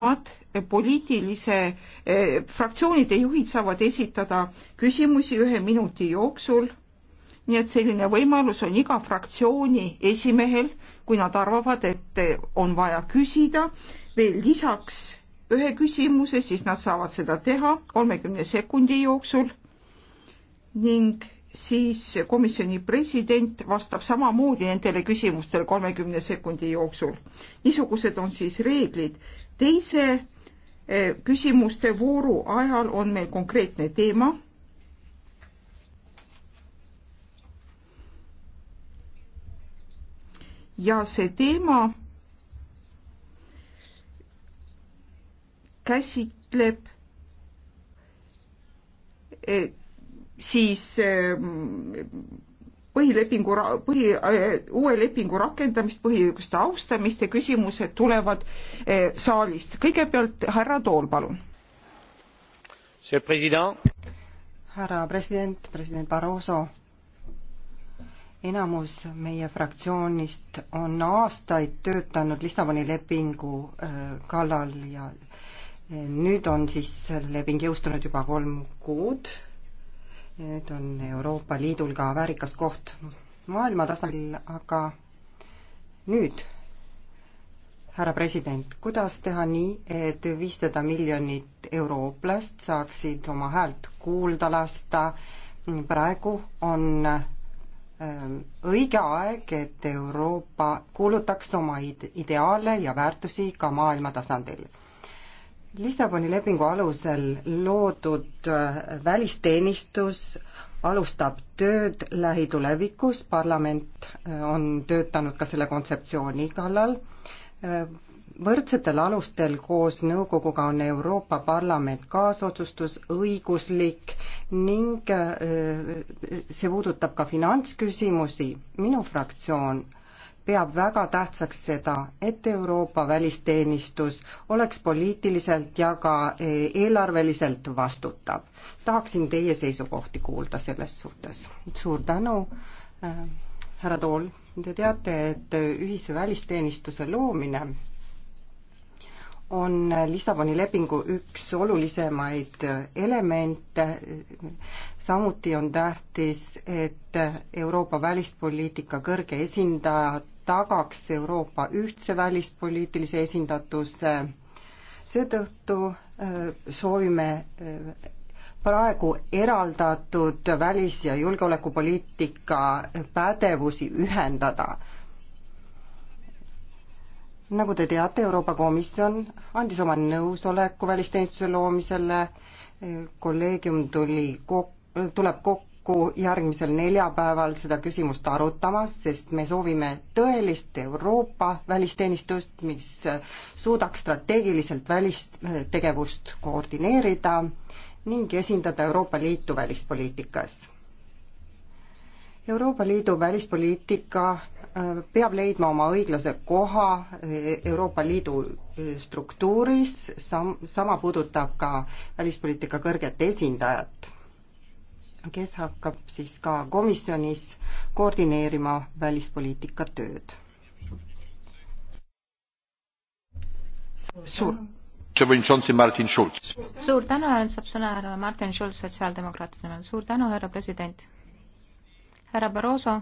saavad eh, poliitilise eh,, fraktsioonide juhid saavad esitada küsimusi ühe minuti jooksul. nii et selline võimalus on iga fraktsiooni esimehel, kui nad arvavad, et eh, on vaja küsida veel lisaks ühe küsimuse, siis nad saavad seda teha kolmekümne sekundi jooksul. ning siis komisjoni president vastab samamoodi nendele küsimustele kolmekümne sekundi jooksul. niisugused on siis reeglid teise eh, küsimuste vooru ajal on meil konkreetne teema. ja see teema käsitleb eh, siis eh, põhilepingu, põhi, äh, uue lepingu rakendamist, põhiõiguste austamist ja küsimused tulevad äh, saalist. kõigepealt härra Tool, palun. härra president, president Barroso, enamus meie fraktsioonist on aastaid töötanud Lissaboni lepingu äh, kallal ja nüüd on siis leping jõustunud juba kolm kuud nüüd on Euroopa Liidul ka väärikas koht maailma tasandil, aga nüüd, härra president, kuidas teha nii, et viissada miljonit eurooplast saaksid oma häält kuulda lasta, praegu on ähm, õige aeg, et Euroopa kuulutaks oma ideaale ja väärtusi ka maailma tasandil Lissaboni lepingu alusel loodud äh, välisteenistus alustab tööd lähitulevikus, parlament äh, on töötanud ka selle kontseptsiooni kallal. Äh, võrdsetel alustel koos nõukoguga on Euroopa Parlament kaasotsustusõiguslik ning see puudutab ka finantsküsimusi. minu fraktsioon peab väga tähtsaks seda, et Euroopa välisteenistus oleks poliitiliselt ja ka e, eelarveliselt vastutav. tahaksin teie seisukohti kuulda selles suhtes. suur tänu, äh, härra Tool. Te teate, et ühise välisteenistuse loomine on Lissaboni lepingu üks olulisemaid elemente, samuti on tähtis, et Euroopa välispoliitika kõrge esindaja tagaks Euroopa ühtse välispoliitilise esindatuse. seetõttu äh, soovime äh, praegu eraldatud välis- ja julgeolekupoliitika pädevusi ühendada. nagu te teate, Euroopa Komisjon andis oma nõusoleku välisteenistuse loomisele, kolleegium tuli kok-, tuleb kokku kokku järgmisel neljapäeval seda küsimust arutamas, sest me soovime tõelist Euroopa välisteenistust, mis suudaks strateegiliselt välistegevust koordineerida ning esindada Euroopa Liitu välispoliitikas. Euroopa Liidu välispoliitika äh, peab leidma oma õiglase koha äh, Euroopa Liidu äh, struktuuris, sam-, sama puudutab ka välispoliitika kõrget esindajat kes hakkab siis ka komisjonis koordineerima välispoliitika tööd. suur suur tänu, härra, saab sõna härra Martin Schulz sotsiaaldemokraatide nimel. suur tänu, härra president. härra Barroso.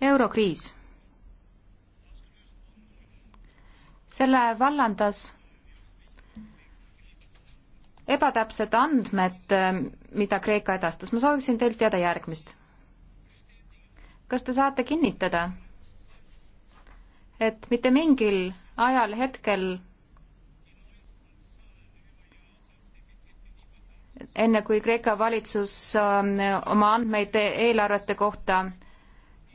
eurokriis. selle vallandas ebatäpsed andmed, äh, mida Kreeka edastas. ma sooviksin teilt teada järgmist. kas te saate kinnitada, et mitte mingil ajal, hetkel enne kui Kreeka valitsus ähm, oma andmeid eelarvete kohta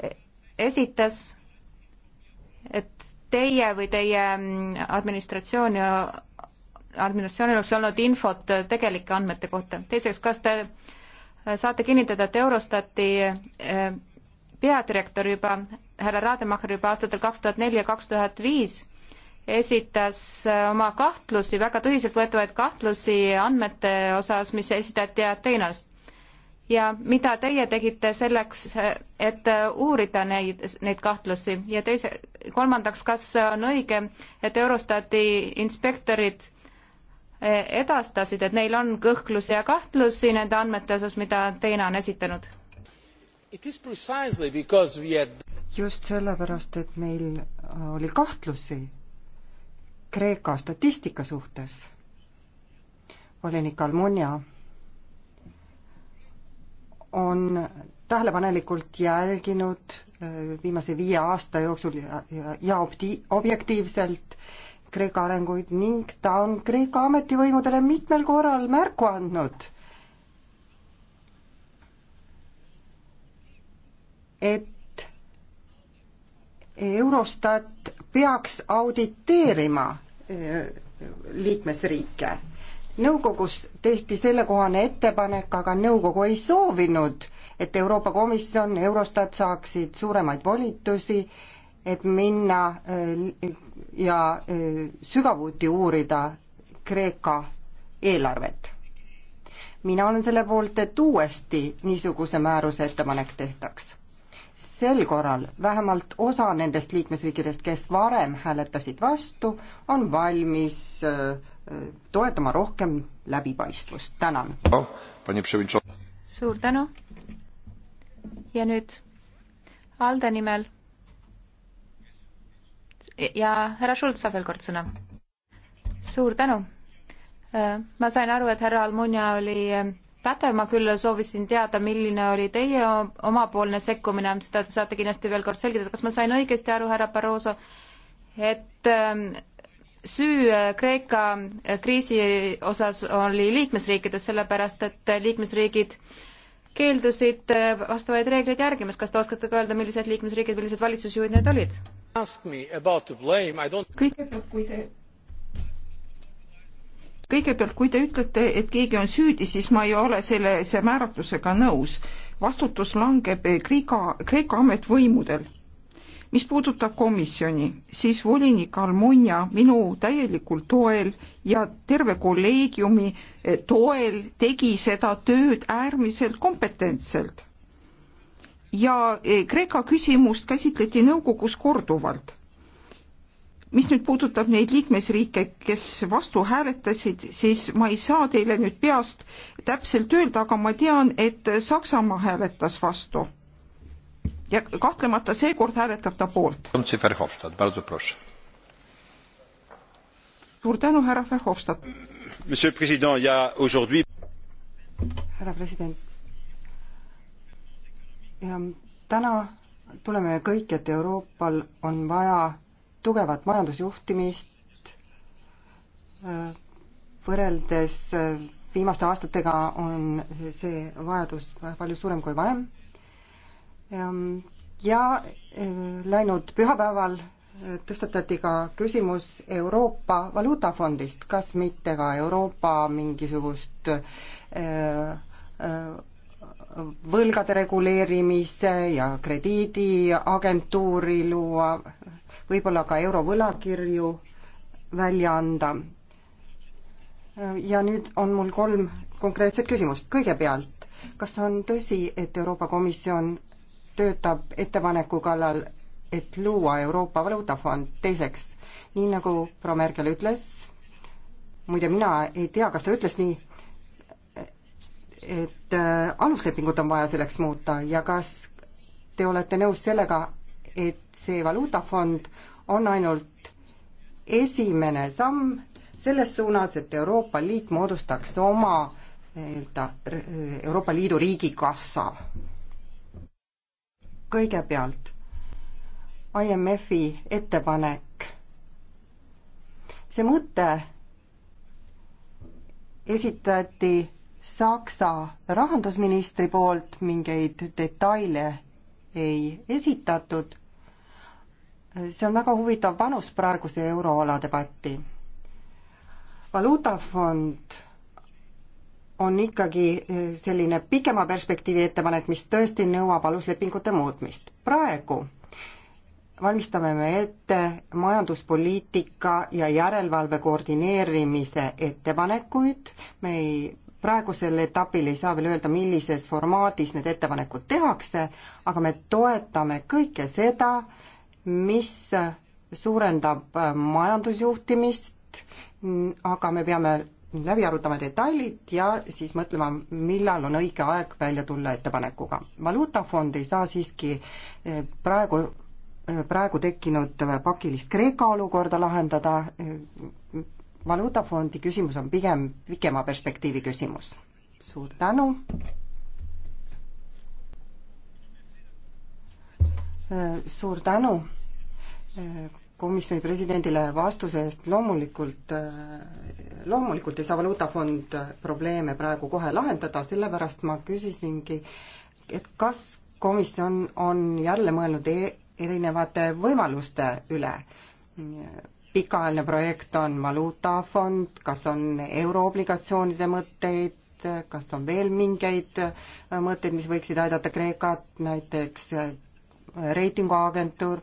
e, esitas, et teie või teie mm, administratsioon ja administratsioonil oleks olnud infot tegelike andmete kohta. teiseks, kas te saate kinnitada, et Eurostati eh, peadirektor juba, härra Rademacher juba aastatel kaks tuhat neli ja kaks tuhat viis esitas eh, oma kahtlusi, väga tõsiseltvõetavaid kahtlusi andmete osas, mis esitati Ateenast. ja mida teie tegite selleks, et uurida neid, neid kahtlusi ja teise, kolmandaks, kas on õige, et Eurostati inspektorid edastasid, et neil on kõhklusi ja kahtlusi nende andmete osas, mida Teina on esitanud? just sellepärast, et meil äh, oli kahtlusi Kreeka statistika suhtes. volinik Almunia on tähelepanelikult jälginud äh, viimase viie aasta jooksul ja, ja, ja objektiivselt Kreeka arenguid ning ta on Kreeka ametivõimudele mitmel korral märku andnud, et Eurostat peaks auditeerima äh, liikmesriike. nõukogus tehti sellekohane ettepanek, aga nõukogu ei soovinud, et Euroopa Komisjon, Eurostat saaksid suuremaid volitusi äh, et minna äh, ja äh, sügavuti uurida Kreeka eelarvet. mina olen selle poolt, et uuesti niisuguse määruse ettepanek tehtaks. sel korral vähemalt osa nendest liikmesriikidest, kes varem hääletasid vastu, on valmis äh, toetama rohkem läbipaistvust, tänan. suur tänu. ja nüüd Alde nimel ja härra Schultz saab veel kord sõna. suur tänu. Äh, ma sain aru, et härra Almunia oli äh, pädev, ma küll soovisin teada, milline oli teie omapoolne sekkumine, seda te saate kindlasti veel kord selgitada, kas ma sain õigesti aru, härra Barroso, et ähm, süü äh, Kreeka kriisi osas oli liikmesriikides, sellepärast et liikmesriigid keeldusid vastavaid reegleid järgimast, kas te oskate ka öelda, millised liikmesriigid, millised valitsusjuhid need olid? kõigepealt, kui te kõigepealt, kui te ütlete, et keegi on süüdi, siis ma ei ole sellise määratlusega nõus. vastutus langeb Kreeka, Kreeka ametvõimudel. mis puudutab komisjoni, siis volinik Almonia minu täielikul toel ja terve kolleegiumi eh, toel tegi seda tööd äärmiselt kompetentselt ja eh, Kreeka küsimust käsitleti nõukogus korduvalt. mis nüüd puudutab neid liikmesriike, kes vastu hääletasid, siis ma ei saa teile nüüd peast täpselt öelda, aga ma tean, et Saksamaa hääletas vastu. ja kahtlemata seekord hääletab ta poolt. suur tänu, härra Verhofstadt. härra president täna tuleme kõik, et Euroopal on vaja tugevat majandusjuhtimist, võrreldes viimaste aastatega on see vajadus palju suurem kui varem ja e, läinud pühapäeval tõstatati ka küsimus Euroopa Valuutafondist, kas mitte ka Euroopa mingisugust e, e, võlgade reguleerimise ja krediidiagentuuri luua, võib-olla ka eurovõlakirju välja anda. ja nüüd on mul kolm konkreetset küsimust. kõigepealt, kas on tõsi, et Euroopa Komisjon töötab ettepaneku kallal, et luua Euroopa Valuutafond? teiseks, nii nagu proua Merkel ütles, muide mina ei tea, kas ta ütles nii, et äh, aluslepingut on vaja selleks muuta ja kas te olete nõus sellega, et see valuutafond on ainult esimene samm selles suunas, et Euroopa Liit moodustaks oma nii-öelda Euroopa Liidu riigikassa. kõigepealt IMF-i ettepanek, see mõte esitati Saksa rahandusministri poolt mingeid detaile ei esitatud. see on väga huvitav panus praeguse euroala debatti. valuutafond on ikkagi eh, selline pikema perspektiivi ettepanek, mis tõesti nõuab aluslepingute muutmist. praegu valmistame me ette majanduspoliitika ja järelevalve koordineerimise ettepanekuid, me ei praegusel etapil ei saa veel öelda, millises formaadis need ettepanekud tehakse, aga me toetame kõike seda, mis suurendab äh, majandusjuhtimist, aga me peame läbi arutama detailid ja siis mõtlema, millal on õige aeg välja tulla ettepanekuga. valuutafond ei saa siiski äh, praegu, äh, praegu tekkinud pakilist Kreeka olukorda lahendada, valuutafondi küsimus on pigem pikema perspektiivi küsimus. suur tänu. suur tänu eh, komisjoni presidendile vastuse eest, loomulikult, eh, loomulikult ei saa Valuutafond eh, probleeme praegu kohe lahendada, sellepärast ma küsisingi, et kas komisjon on jälle mõelnud e erinevate võimaluste üle pikaajaline projekt on valuutafond, kas on euroobligatsioonide mõtteid, kas on veel mingeid äh, mõtteid, mis võiksid aidata Kreekat, näiteks äh, reitinguagentuur.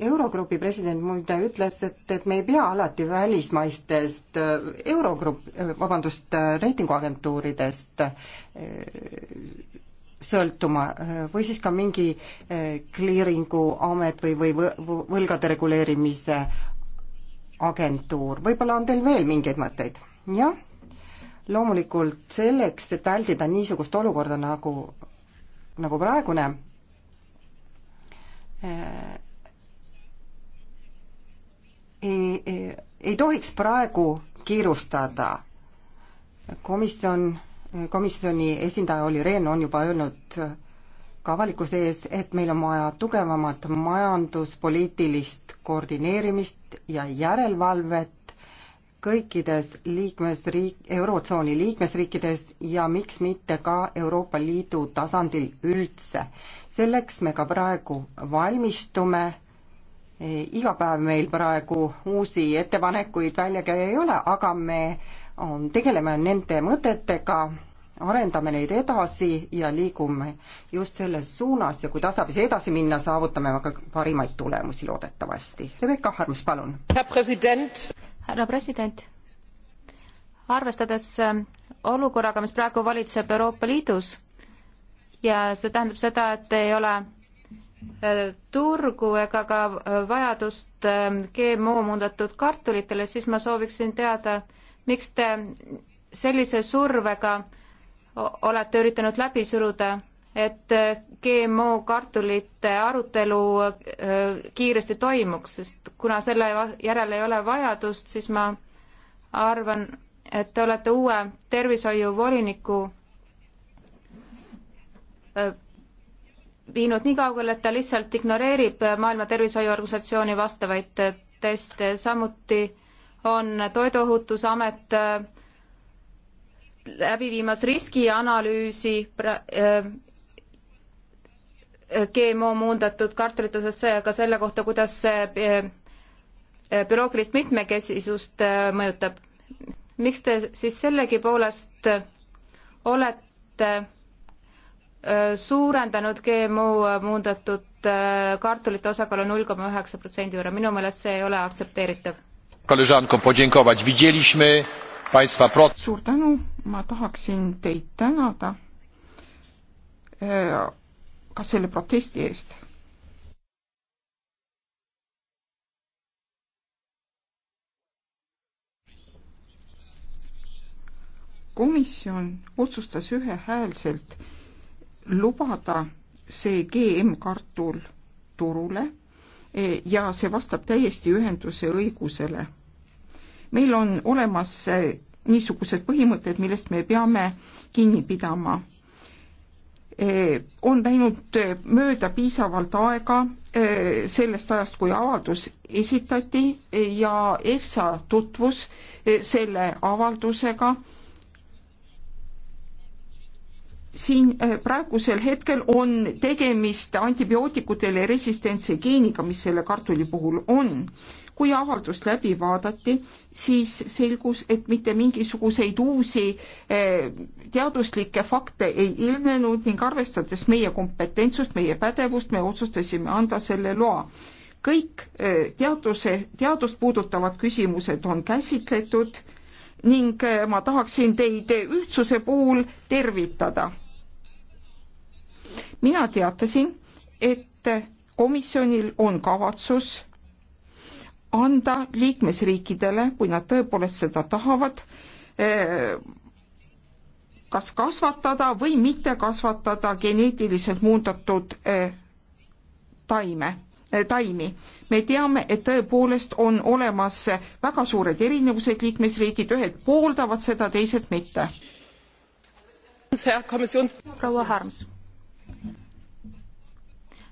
Eurogrupi president muide ütles, et, et me ei pea alati välismaistest äh, Eurogrupp, vabandust, reitinguagentuuridest sõltuma või siis ka mingi clearing'u amet või, või võlgade reguleerimise agentuur, võib-olla on teil veel mingeid mõtteid? jah, loomulikult selleks, et vältida niisugust olukorda nagu, nagu praegune, eh, ei, ei, eh, ei tohiks praegu kiirustada. komisjon, komisjoni esindaja Olli Rehn on juba öelnud äh, ka avalikkuse ees, et meil on vaja tugevamat majanduspoliitilist koordineerimist ja järelevalvet kõikides liikmesriik, Eurotsooni liikmesriikides ja miks mitte ka Euroopa Liidu tasandil üldse. selleks me ka praegu valmistume, e, iga päev meil praegu uusi ettepanekuid välja käia ei ole, aga me on, um, tegeleme nende mõtetega arendame neid edasi ja liigume just selles suunas ja kui tasapisi edasi minna, saavutame väga parimaid tulemusi loodetavasti. Rebecca Harms, palun. härra president, arvestades äh, olukorraga, mis praegu valitseb Euroopa Liidus ja see tähendab seda, et ei ole äh, turgu ega ka äh, vajadust GMO muundatud kartulitele, siis ma sooviksin teada, miks te sellise survega olete üritanud läbi suruda, et GMO kartulite arutelu kiiresti toimuks, sest kuna selle järele ei ole vajadust, siis ma arvan, et te olete uue tervishoiuvoliniku viinud nii kaugele, et ta lihtsalt ignoreerib Maailma Tervishoiuorganisatsiooni vastavaid teste, samuti on Toiduohutusamet äh, läbi viimas riskianalüüsi äh, GMO muundatud kartulite osas ja ka selle kohta, kuidas see äh, bürookrilist mitmekesisust äh, mõjutab. miks te siis sellegipoolest olete suurendanud GMO muundatud kartulite osakaalu null koma üheksa protsendi võrra, minu meelest see ei ole aktsepteeritav. koleżankom podziękować, widzieliśmy suur tänu, ma tahaksin teid tänada äh, ka selle protesti eest. komisjon otsustas ühehäälselt lubada see GM-kartul turule eh, ja see vastab täiesti ühenduse õigusele meil on olemas äh, niisugused põhimõtted, millest me peame kinni pidama. Äh, on läinud äh, mööda piisavalt aega sellest ajast, kui avaldus esitati ja EFSA tutvus selle avaldusega siin praegusel hetkel on tegemist antibiootikutele resistentse geeniga, mis selle kartuli puhul on kui avaldust läbi vaadati, siis selgus, et mitte mingisuguseid uusi eh, teaduslikke fakte ei ilmnenud ning arvestades meie kompetentsust, meie pädevust, me otsustasime anda selle loa. kõik eh, teaduse, teadust puudutavad küsimused on käsitletud ning eh, ma tahaksin teid ühtsuse puhul tervitada. mina teatasin, et komisjonil on kavatsus anda liikmesriikidele, kui nad tõepoolest seda tahavad, eh, kas kasvatada või mitte kasvatada geneetiliselt muundatud eh, taime, eh, taimi. me teame, et tõepoolest on olemas väga suured erinevused liikmesriigid, ühed pooldavad seda, teised mitte. proua Harms,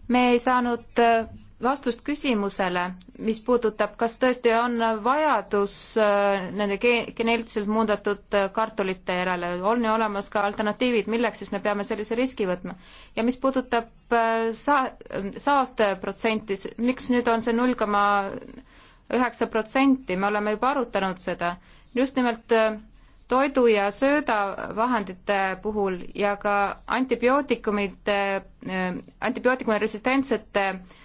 me ei saanud vastust küsimusele, mis puudutab, kas tõesti on vajadus äh, nende geneetiliselt muundatud äh, kartulite järele, on ju olemas ka alternatiivid, milleks siis me peame sellise riski võtma. ja mis puudutab äh, saa-, saasteprotsenti, miks nüüd on see null koma üheksa protsenti, me oleme juba arutanud seda, just nimelt toidu ja söödavahendite puhul ja ka antibiootikumide, antibiootikumide resistentsete äh,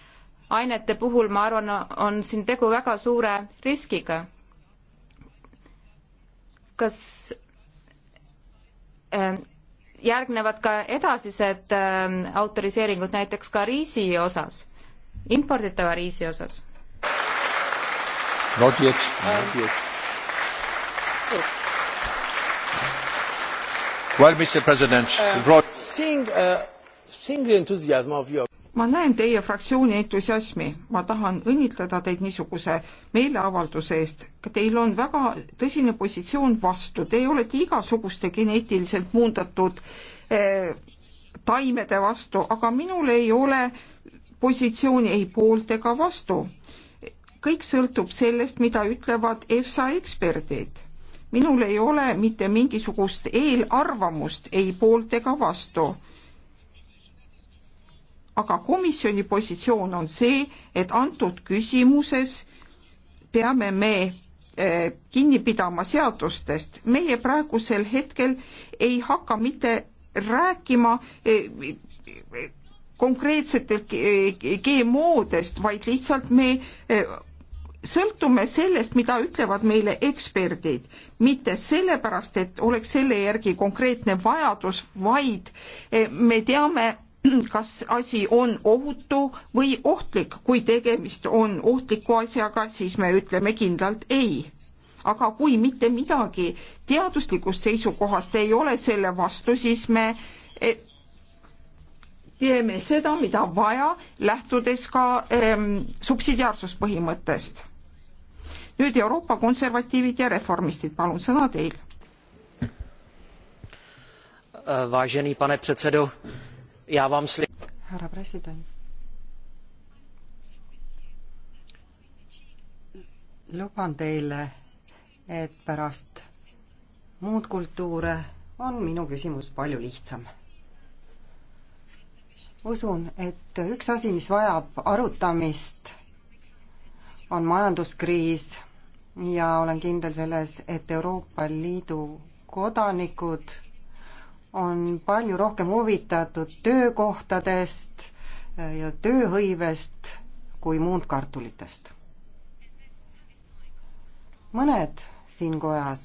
ainete puhul, ma arvan, on siin tegu väga suure riskiga. kas äh, järgnevad ka edasised äh, autoriseeringud näiteks ka riisi osas, imporditava riisi osas? Not yet, not ähm. yet. Well, Mr. President, uh, seeing, uh, seeing the enthusiasm of your ma näen teie fraktsiooni entusiasmi, ma tahan õnnitleda teid niisuguse meeleavalduse eest. Teil on väga tõsine positsioon vastu, te olete igasuguste geneetiliselt muundatud eh, taimede vastu, aga minul ei ole positsiooni ei poolt ega vastu. kõik sõltub sellest, mida ütlevad EFSA eksperdid. minul ei ole mitte mingisugust eelarvamust ei poolt ega vastu aga komisjoni positsioon on see, et antud küsimuses peame me eh, kinni pidama seadustest. meie praegusel hetkel ei hakka mitte rääkima eh, konkreetsetelt eh, GMO-dest, vaid lihtsalt me sõltume sellest, mida ütlevad meile eksperdid, mitte sellepärast, et oleks selle järgi konkreetne vajadus, vaid me teame, kas asi on ohutu või ohtlik. kui tegemist on ohtliku asjaga, siis me ütleme kindlalt ei. aga kui mitte midagi teaduslikust seisukohast ei ole selle vastu, siis me e, teeme seda, mida vaja, lähtudes ka ähm, subsidiaarsuspõhimõttest. nüüd Euroopa konservatiivid ja reformistid, palun sõna teil. Vážený pane předsedo, ja vám sli-. härra president. luban teile, et pärast muud kultuure on minu küsimus palju lihtsam. usun, et üks asi, mis vajab arutamist, on majanduskriis ja olen kindel selles, et Euroopa Liidu kodanikud on palju rohkem huvitatud töökohtadest ja tööhõivest kui muundkartulitest. mõned siin kojas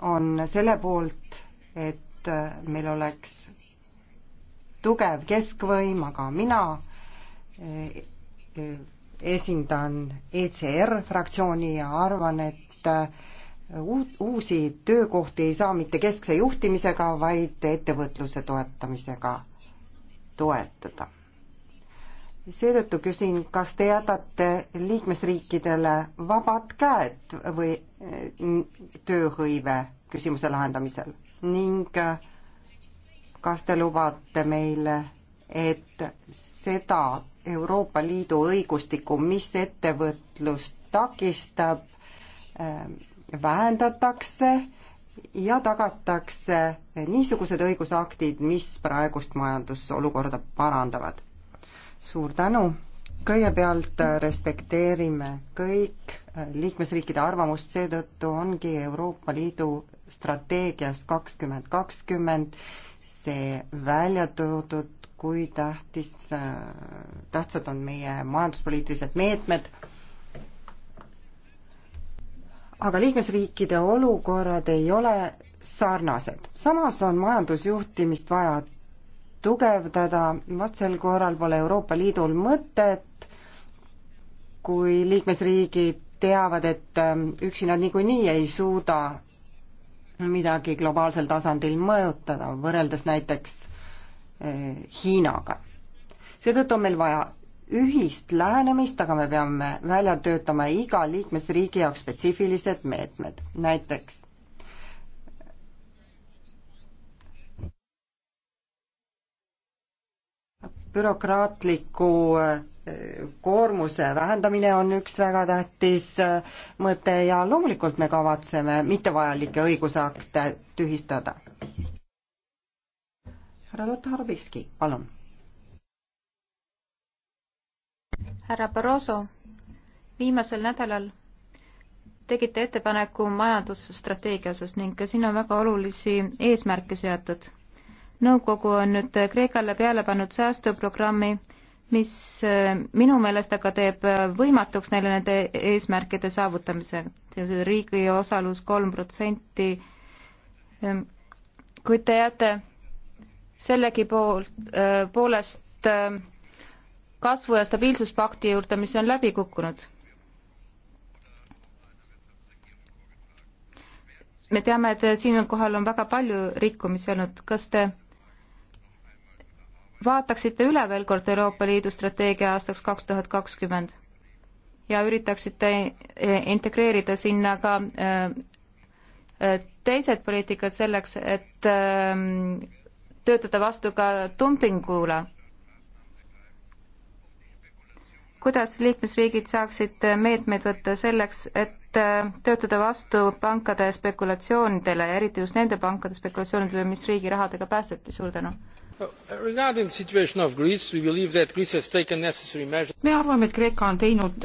on selle poolt, et meil oleks tugev keskvõim, aga mina eh, eh, esindan ECR fraktsiooni ja arvan, et uut, uusi töökohti ei saa mitte keskse juhtimisega, vaid ettevõtluse toetamisega toetada. seetõttu küsin, kas te jätate liikmesriikidele vabad käed või eh, tööhõive küsimuse lahendamisel ning eh, kas te lubate meile, et seda Euroopa Liidu õigustikku, mis ettevõtlust takistab, eh, vähendatakse ja tagatakse niisugused õigusaktid, mis praegust majandusolukorda parandavad. suur tänu! kõigepealt respekteerime kõik liikmesriikide arvamust, seetõttu ongi Euroopa Liidu strateegias kakskümmend kakskümmend see välja toodud, kui tähtis, tähtsad on meie majanduspoliitilised meetmed aga liikmesriikide olukorrad ei ole sarnased. samas on majandusjuhtimist vaja tugevdada, vastasel korral pole Euroopa Liidul mõtet, kui liikmesriigid teavad, et ähm, üksi nad niikuinii ei suuda midagi globaalsel tasandil mõjutada, võrreldes näiteks äh, Hiinaga. seetõttu on meil vaja ühist lähenemist, aga me peame välja töötama iga liikmesriigi jaoks spetsiifilised meetmed, näiteks bürokraatliku äh, koormuse vähendamine on üks väga tähtis äh, mõte ja loomulikult me kavatseme mittevajalikke õigusakte tühistada. härra Lotta Harbikski, palun härra Barroso, viimasel nädalal tegite ettepaneku majandusstrateegia osas ning siin on väga olulisi eesmärke seatud. nõukogu on nüüd Kreekale peale pannud säästuprogrammi, mis äh, minu meelest aga teeb võimatuks neile nende eesmärkide saavutamise. riigi osalus kolm protsenti. Ähm, kuid te jääte sellegi pool, äh, poolest ähm, kasvu- ja stabiilsuspakti juurde, mis on läbi kukkunud. me teame, et siinkohal on väga palju rikkumisi olnud, kas te vaataksite üle veel kord Euroopa Liidu strateegia aastaks kaks tuhat kakskümmend ja üritaksite integreerida sinna ka äh, teised poliitikad selleks, et ähm, töötada vastu ka dumpingule kuidas liikmesriigid saaksid meetmeid võtta selleks, et töötada vastu pankade spekulatsioonidele ja eriti just nende pankade spekulatsioonidele, mis riigi rahadega päästeti, suur tänu! Uh, me arvame, et Kreeka on teinud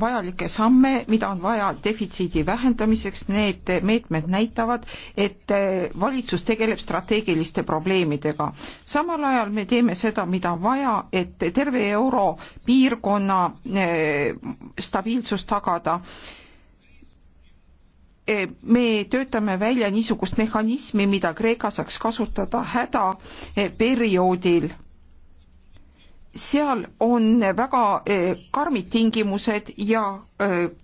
vajalikke samme, mida on vaja defitsiidi vähendamiseks, need meetmed näitavad, et äh, valitsus tegeleb strateegiliste probleemidega. samal ajal me teeme seda, mida on vaja, et terve europiirkonna äh, stabiilsus tagada Eh, me töötame välja niisugust mehhanismi, mida Kreeka saaks kasutada hädaperioodil. Eh, seal on väga eh, karmid tingimused ja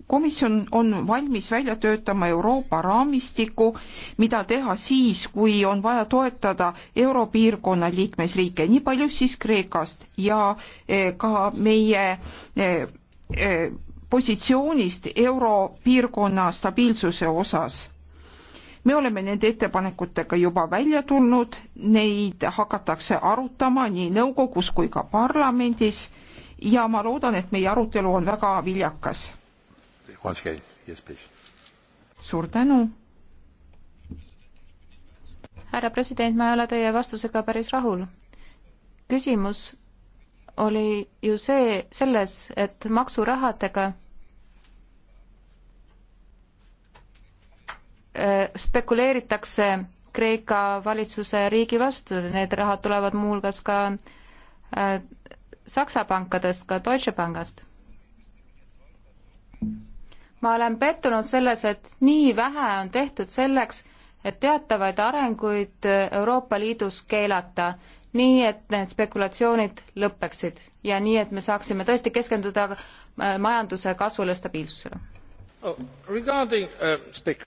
komisjon on valmis välja töötama Euroopa raamistiku, mida teha siis, kui on vaja toetada Europiirkonna liikmesriike, nii palju siis Kreekast ja ka meie positsioonist europiirkonna stabiilsuse osas. me oleme nende ettepanekutega juba välja tulnud, neid hakatakse arutama nii nõukogus kui ka parlamendis ja ma loodan, et meie arutelu on väga viljakas. Yes, suur tänu. härra president, ma ei ole teie vastusega päris rahul. küsimus oli ju see, selles, et maksurahadega äh, spekuleeritakse Kreeka valitsuse riigi vastu, need rahad tulevad muuhulgas ka äh, Saksa pankadest, ka Deutsche Pangast. ma olen pettunud selles, et nii vähe on tehtud selleks, et teatavaid arenguid Euroopa Liidus keelata nii et need spekulatsioonid lõpeksid ja nii, et me saaksime tõesti keskenduda äh, majanduse kasvule ja stabiilsusele oh,. Uh,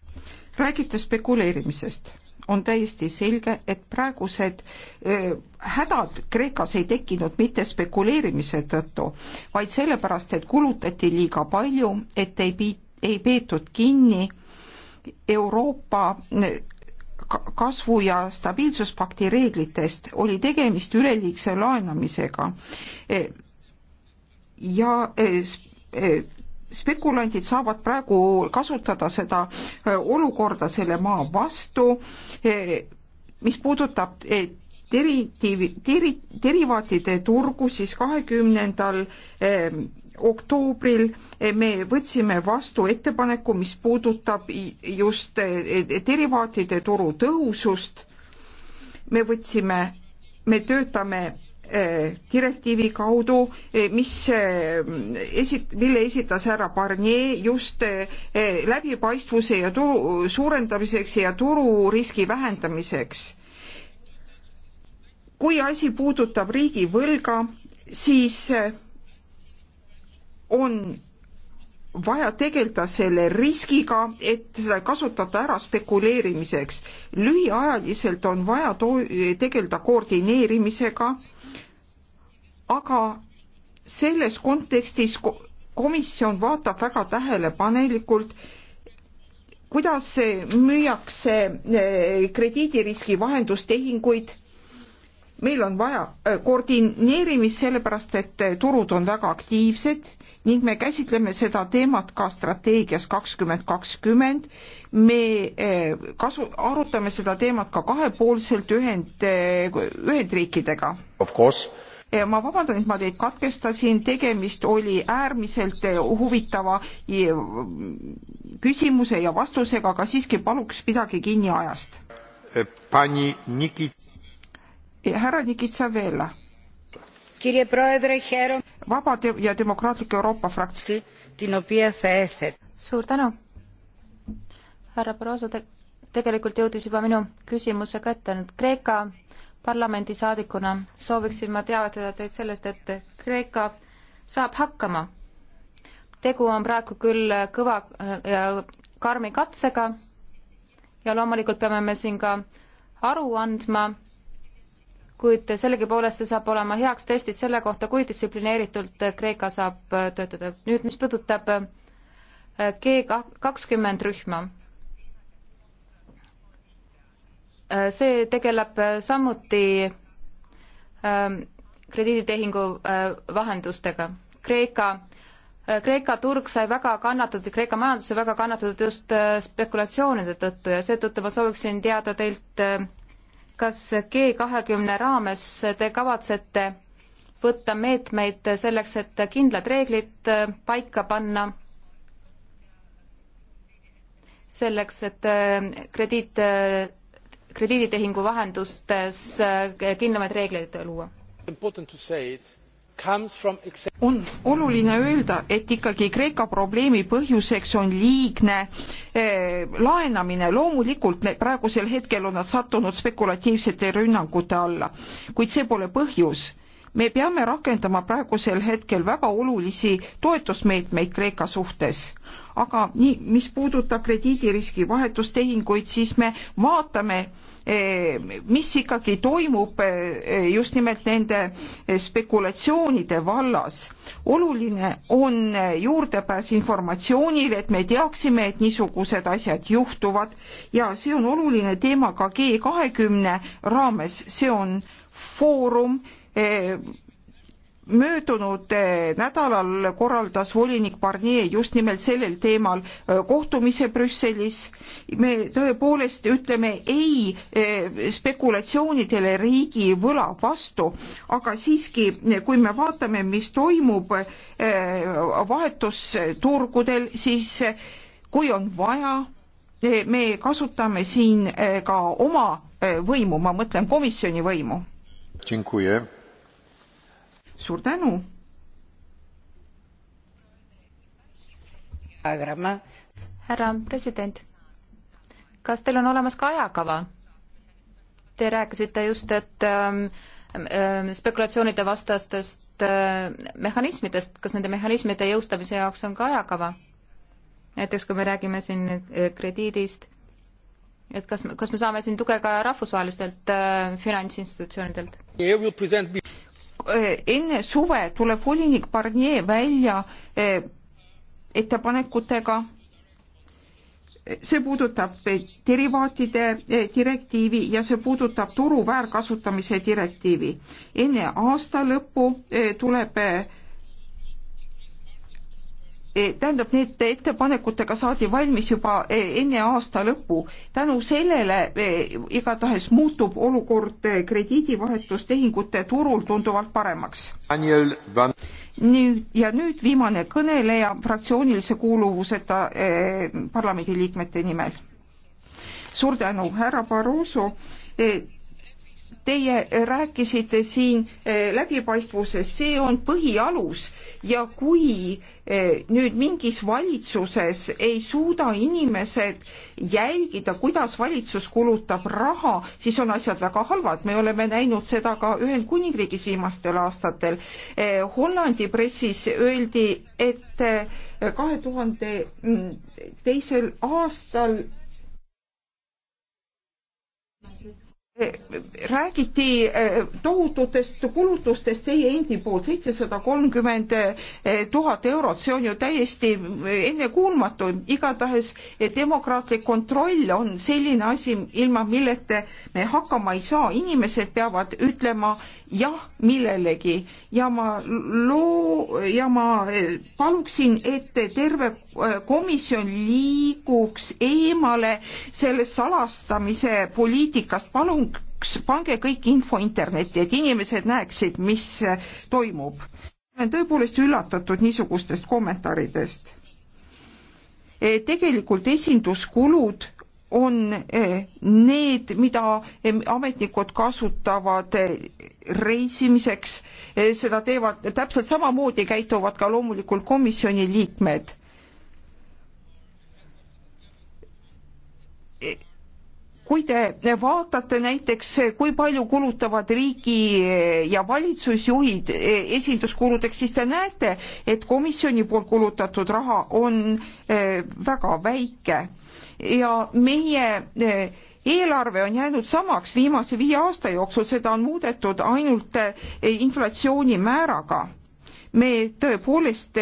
räägite spekuleerimisest, on täiesti selge, et praegused uh, hädad Kreekas ei tekkinud mitte spekuleerimise tõttu, vaid sellepärast, et kulutati liiga palju, et ei, ei peetud kinni Euroopa äh, kasvu ja stabiilsuspakti reeglitest oli tegemist üleliigse laenamisega e, ja e, e, spekulandid saavad praegu kasutada seda olukorda selle maa vastu, mis puudutab deritiivi, deri-, derivaatide turgu, siis kahekümnendal ehm, oktoobril eh, me võtsime vastu ettepaneku, mis puudutab just eh, eh, derivaatide turu tõhusust. me võtsime, me töötame direktiivi kaudu, mis esit-, mille esitas härra Barnier just läbipaistvuse ja turu suurendamiseks ja tururiski vähendamiseks kui asi puudutab riigivõlga, siis eh, on vaja tegeleda selle riskiga, et seda ei kasutata ära spekuleerimiseks. lühiajaliselt on vaja tegeleda koordineerimisega, aga selles kontekstis komisjon vaatab väga tähelepanelikult, kuidas müüakse eh, krediidiriski vahendustehinguid meil on vaja äh, koordineerimist, sellepärast et äh, turud on väga aktiivsed ning me käsitleme seda teemat ka strateegias kakskümmend kakskümmend. me äh, kasu, arutame seda teemat ka kahepoolselt ühend, Ühendriikidega. ma vabandan, et ma teid katkestasin, tegemist oli äärmiselt huvitava küsimuse ja vastusega, aga siiski paluks pidage kinni ajast. Pani Nikit E, härra Nikitsa Vela. vabade ja demokraatliku Euroopa fraktsioon. E e. suur tänu. härra Barroso te, tegelikult jõudis juba minu küsimuse kätte, nüüd Kreeka parlamendisaadikuna sooviksin ma teavitada teid sellest, et Kreeka saab hakkama. tegu on praegu küll kõva äh, ja karmi katsega ja loomulikult peame me siin ka aru andma kuid sellegipoolest see saab olema heaks testid selle kohta, kui distsiplineeritult Kreeka saab töötada. nüüd, mis puudutab äh, G kakskümmend rühma, äh, see tegeleb samuti ähm, krediiditehingu äh, vahendustega. Kreeka, Kreeka turg sai väga kannatatud, Kreeka majandus sai väga kannatatud just spekulatsioonide tõttu ja seetõttu ma sooviksin teada teilt kas G kahekümne raames te kavatsete võtta meetmeid selleks, et kindlad reeglid paika panna, selleks, et äh, krediit, äh, krediiditehingu vahendustes äh, kindlamaid reegleid luua? on oluline öelda, et ikkagi Kreeka probleemi põhjuseks on liigne eh, laenamine. loomulikult praegusel hetkel on nad sattunud spekulatiivsete rünnangute alla, kuid see pole põhjus. me peame rakendama praegusel hetkel väga olulisi toetusmeetmeid Kreeka suhtes. aga nii, mis puudutab krediidiriski vahetustehinguid, siis me vaatame eh, Eh, mis ikkagi toimub eh, just nimelt nende eh, spekulatsioonide vallas. oluline on juurdepääs informatsioonile, et me teaksime, et niisugused asjad juhtuvad ja see on oluline teema ka G kahekümne raames, see on foorum möödunud eh, nädalal korraldas volinik Barnier just nimelt sellel teemal eh, kohtumise Brüsselis. me tõepoolest ütleme ei eh, spekulatsioonidele riigi võla vastu, aga siiski, kui me vaatame, mis toimub vahetusturgudel, siis kui on vaja, me kasutame siin ka oma võimu, ma mõtlen komisjoni võimu. Dziękuję suur tänu. härra president, kas teil on olemas ka ajakava? Te rääkisite just, et ähm, ähm spekulatsioonide vastastest äh, mehhanismidest, kas nende mehhanismide jõustamise jaoks on ka ajakava? näiteks kui me räägime siin äh, krediidist, et kas, kas me saame siin tuge ka rahvusvahelistelt äh, finantsinstitutsioonidelt? Eh, enne suve tuleb volinik Barnier välja eh, ettepanekutega. see puudutab eh, derivaatide direktiivi ja see puudutab turu väärkasutamise direktiivi. enne aasta lõppu tuleb Eh, tähendab, need ettepanekutega saadi valmis juba eh, enne aasta lõppu. tänu sellele eh, igatahes muutub olukord krediidivahetustehingute turul tunduvalt paremaks. Van... nüüd ja nüüd viimane kõneleja fraktsioonilise kuuluvuseta eh, parlamendiliikmete nimel. suur tänu, härra Barroso eh, Teie äh, rääkisite siin äh, läbipaistvusest, see on põhialus ja kui äh, nüüd mingis valitsuses ei suuda inimesed jälgida, kuidas valitsus kulutab raha, siis on asjad väga halvad. me oleme näinud seda ka Ühendkuningriigis viimastel aastatel. Hollandi pressis öeldi, et kahe tuhande mm, teisel aastal räägiti eh, tohututest kulutustest teie endi poolt, seitsesada kolmkümmend eh, tuhat eurot, see on ju täiesti eh, ennekuulmatu, igatahes demokraatlik kontroll on selline asi, ilma milleta me hakkama ei saa, inimesed peavad ütlema jah millelegi ja ma loo- ja ma paluksin, et terve komisjon liiguks eemale sellest salastamise poliitikast, palun üks, pange kõik info internetti, et inimesed näeksid, mis eh, toimub. olen tõepoolest üllatatud niisugustest kommentaaridest. Eh, tegelikult esinduskulud on eh, need, mida ametnikud kasutavad reisimiseks, seda teevad, täpselt samamoodi käituvad ka loomulikult komisjoni liikmed kui te vaatate näiteks, kui palju kulutavad riigi ja valitsusjuhid esinduskuludeks, siis te näete, et komisjoni poolt kulutatud raha on eh, väga väike ja meie eh, eelarve on jäänud samaks viimase viie aasta jooksul, seda on muudetud ainult eh, inflatsioonimääraga. me tõepoolest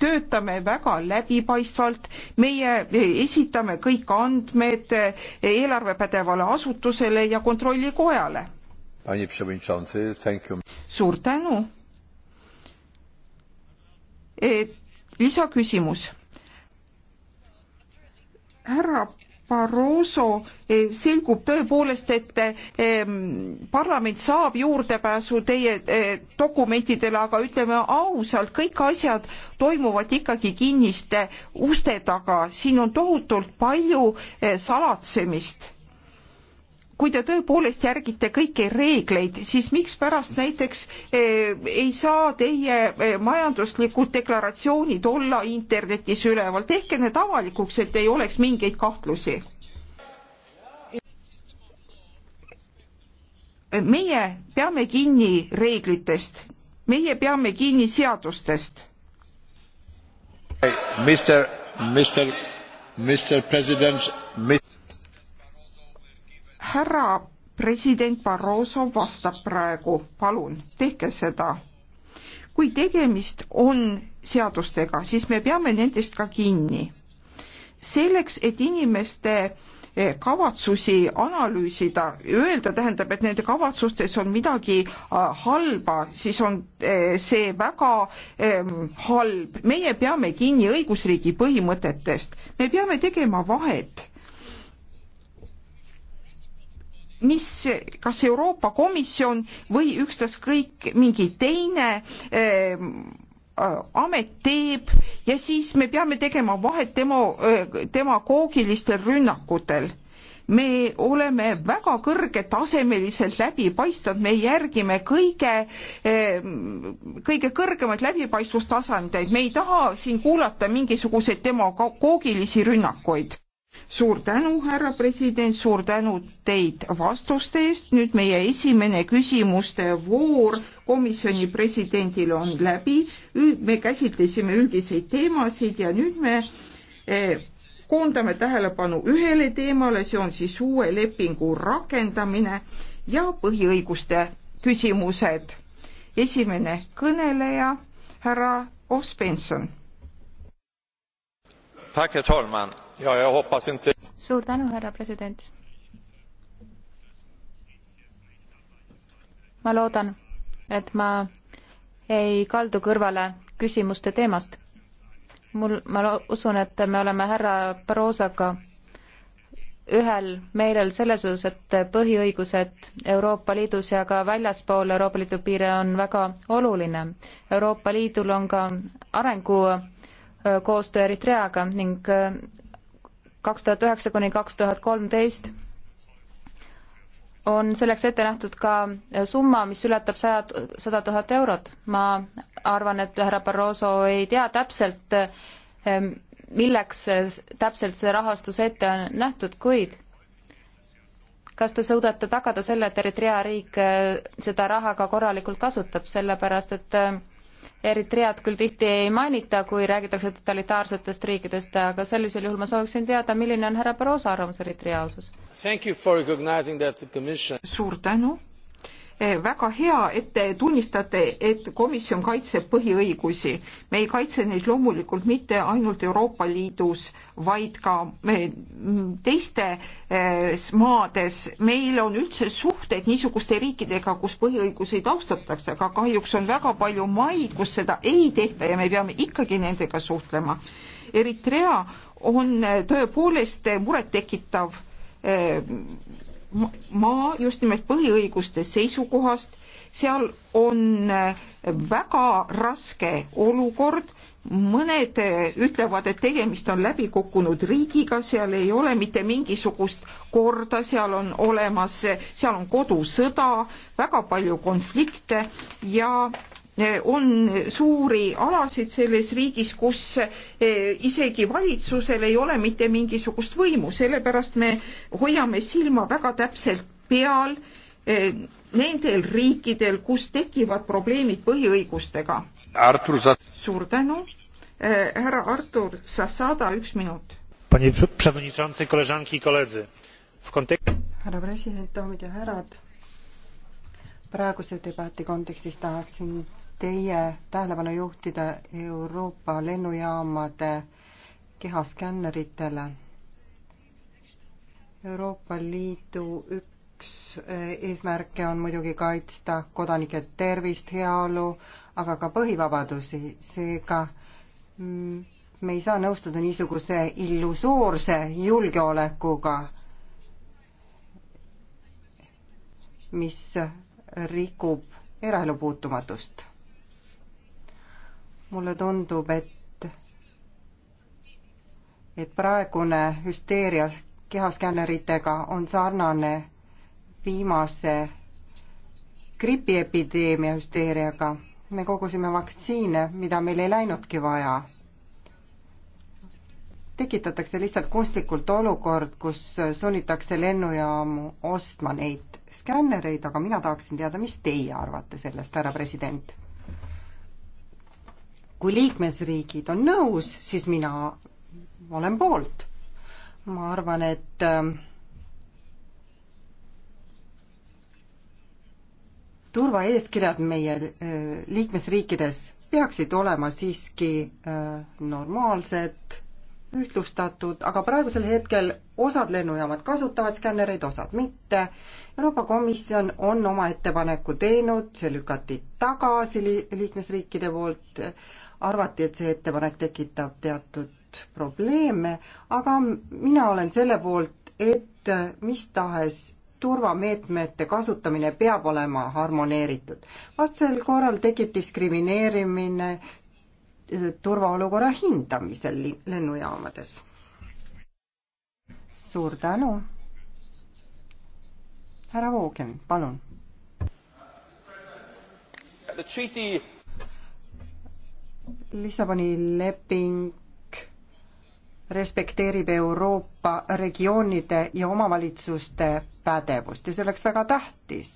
töötame väga läbipaistvalt, meie esitame kõik andmed eelarvepädevale asutusele ja kontrollikojale. suur tänu. E, lisaküsimus. härra Barroso eh, selgub tõepoolest, et ehm, parlament saab juurdepääsu teie eh, dokumentidele, aga ütleme ausalt, kõik asjad toimuvad ikkagi kinniste uste taga, siin on tohutult palju eh, salatsemist kui te tõepoolest järgite kõiki reegleid, siis mikspärast näiteks eh, ei saa teie eh, majanduslikud deklaratsioonid olla internetis üleval, tehke need avalikuks, et ei oleks mingeid kahtlusi. meie peame kinni reeglitest, meie peame kinni seadustest. Mr, Mr, Mr President, Mr härra president Barroso vastab praegu, palun tehke seda. kui tegemist on seadustega, siis me peame nendest ka kinni. selleks, et inimeste eh, kavatsusi analüüsida, öelda tähendab, et nende kavatsustes on midagi ah, halba, siis on eh, see väga ehm, halb. meie peame kinni õigusriigi põhimõtetest, me peame tegema vahet mis, kas Euroopa Komisjon või ükstaskõik mingi teine ähm, äh, amet teeb ja siis me peame tegema vahet demo, äh, demagoogilistel rünnakutel. me oleme väga kõrgetasemeliselt läbipaistvad, me järgime kõige, ähm, kõige kõrgemaid läbipaistvustasandeid, me ei taha siin kuulata mingisuguseid demagoogilisi rünnakuid suur tänu, härra president, suur tänu teid vastuste eest. nüüd meie esimene küsimuste voor komisjoni presidendile on läbi. me käsitlesime üldiseid teemasid ja nüüd me eh, koondame tähelepanu ühele teemale, see on siis uue lepingu rakendamine ja põhiõiguste küsimused. esimene kõneleja, härra Ospenson. Tack herr talman suur tänu, härra president. ma loodan, et ma ei kaldu kõrvale küsimuste teemast. mul, ma usun, et me oleme härra Barrosoga ühel meelel selles osas, et põhiõigused Euroopa Liidus ja ka väljaspool Euroopa Liidu piire on väga oluline. Euroopa Liidul on ka arengukoostöö Eritreaga ning kaks tuhat üheksa kuni kaks tuhat kolmteist on selleks ette nähtud ka summa, mis ületab saja, sada tuhat eurot. ma arvan, et härra Barroso ei tea täpselt, ehm, milleks täpselt see rahastus ette on nähtud, kuid kas te suudate tagada selle, et Eritrea riik eh, seda raha ka korralikult kasutab, sellepärast et äh, Eritread küll tihti ei mainita, kui räägitakse totalitaarsetest riikidest, aga sellisel juhul ma sooviksin teada, milline on härra Barroso arvamus Eritrea osas? suur tänu väga hea, et te tunnistate, et komisjon kaitseb põhiõigusi. me ei kaitse neid loomulikult mitte ainult Euroopa Liidus, vaid ka teistes eh, maades. meil on üldse suhted niisuguste riikidega, kus põhiõiguseid austatakse, aga kahjuks on väga palju maid, kus seda ei tehta ja me peame ikkagi nendega suhtlema. Eritrea on eh, tõepoolest eh, murettekitav Ehm, maa just nimelt põhiõiguste seisukohast, seal on eh, väga raske olukord, mõned eh, ütlevad, et tegemist on läbikukkunud riigiga, seal ei ole mitte mingisugust korda, seal on olemas, seal on kodusõda, väga palju konflikte ja on suuri alasid selles riigis, kus e, isegi valitsusel ei ole mitte mingisugust võimu, sellepärast me hoiame silma väga täpselt peal e, nendel riikidel, kus tekivad probleemid põhiõigustega. suur tänu, e, härra Artur Sassada, üks minut. härra president, daamid ja härrad praeguse debati kontekstis tahaksin teie tähelepanu juhtida Euroopa lennujaamade kehaskänneritele. Euroopa Liidu üks eh, eesmärke on muidugi kaitsta kodanike tervist, heaolu, aga ka põhivabadusi, seega mm, me ei saa nõustuda niisuguse illusoorse julgeolekuga, mis rikub eraelu puutumatust mulle tundub, et, et praegune hüsteeria kehaskänneritega on sarnane viimase gripiepideemia hüsteeriaga. me kogusime vaktsiine, mida meil ei läinudki vaja. tekitatakse lihtsalt kunstlikult olukord, kus sunnitakse lennujaamu ostma neid skännereid, aga mina tahaksin teada, mis teie arvate sellest, härra president? kui liikmesriigid on nõus, siis mina olen poolt. ma arvan, et ähm, turvaeeskirjad meie äh, liikmesriikides peaksid olema siiski äh, normaalsed ühtlustatud, aga praegusel hetkel osad lennujaamad kasutavad skännereid, osad mitte. Euroopa Komisjon on oma ettepaneku teinud, see lükati tagasi li-, liikmesriikide poolt, arvati, et see ettepanek tekitab teatud probleeme, aga mina olen selle poolt, et mis tahes turvameetmete kasutamine peab olema harmoneeritud. vastasel korral tekib diskrimineerimine, turvaolukorra hindamisel lennujaamades. suur tänu. härra Voogen, palun. Lissaboni leping respekteerib Euroopa regioonide ja omavalitsuste pädevust ja see oleks väga tähtis,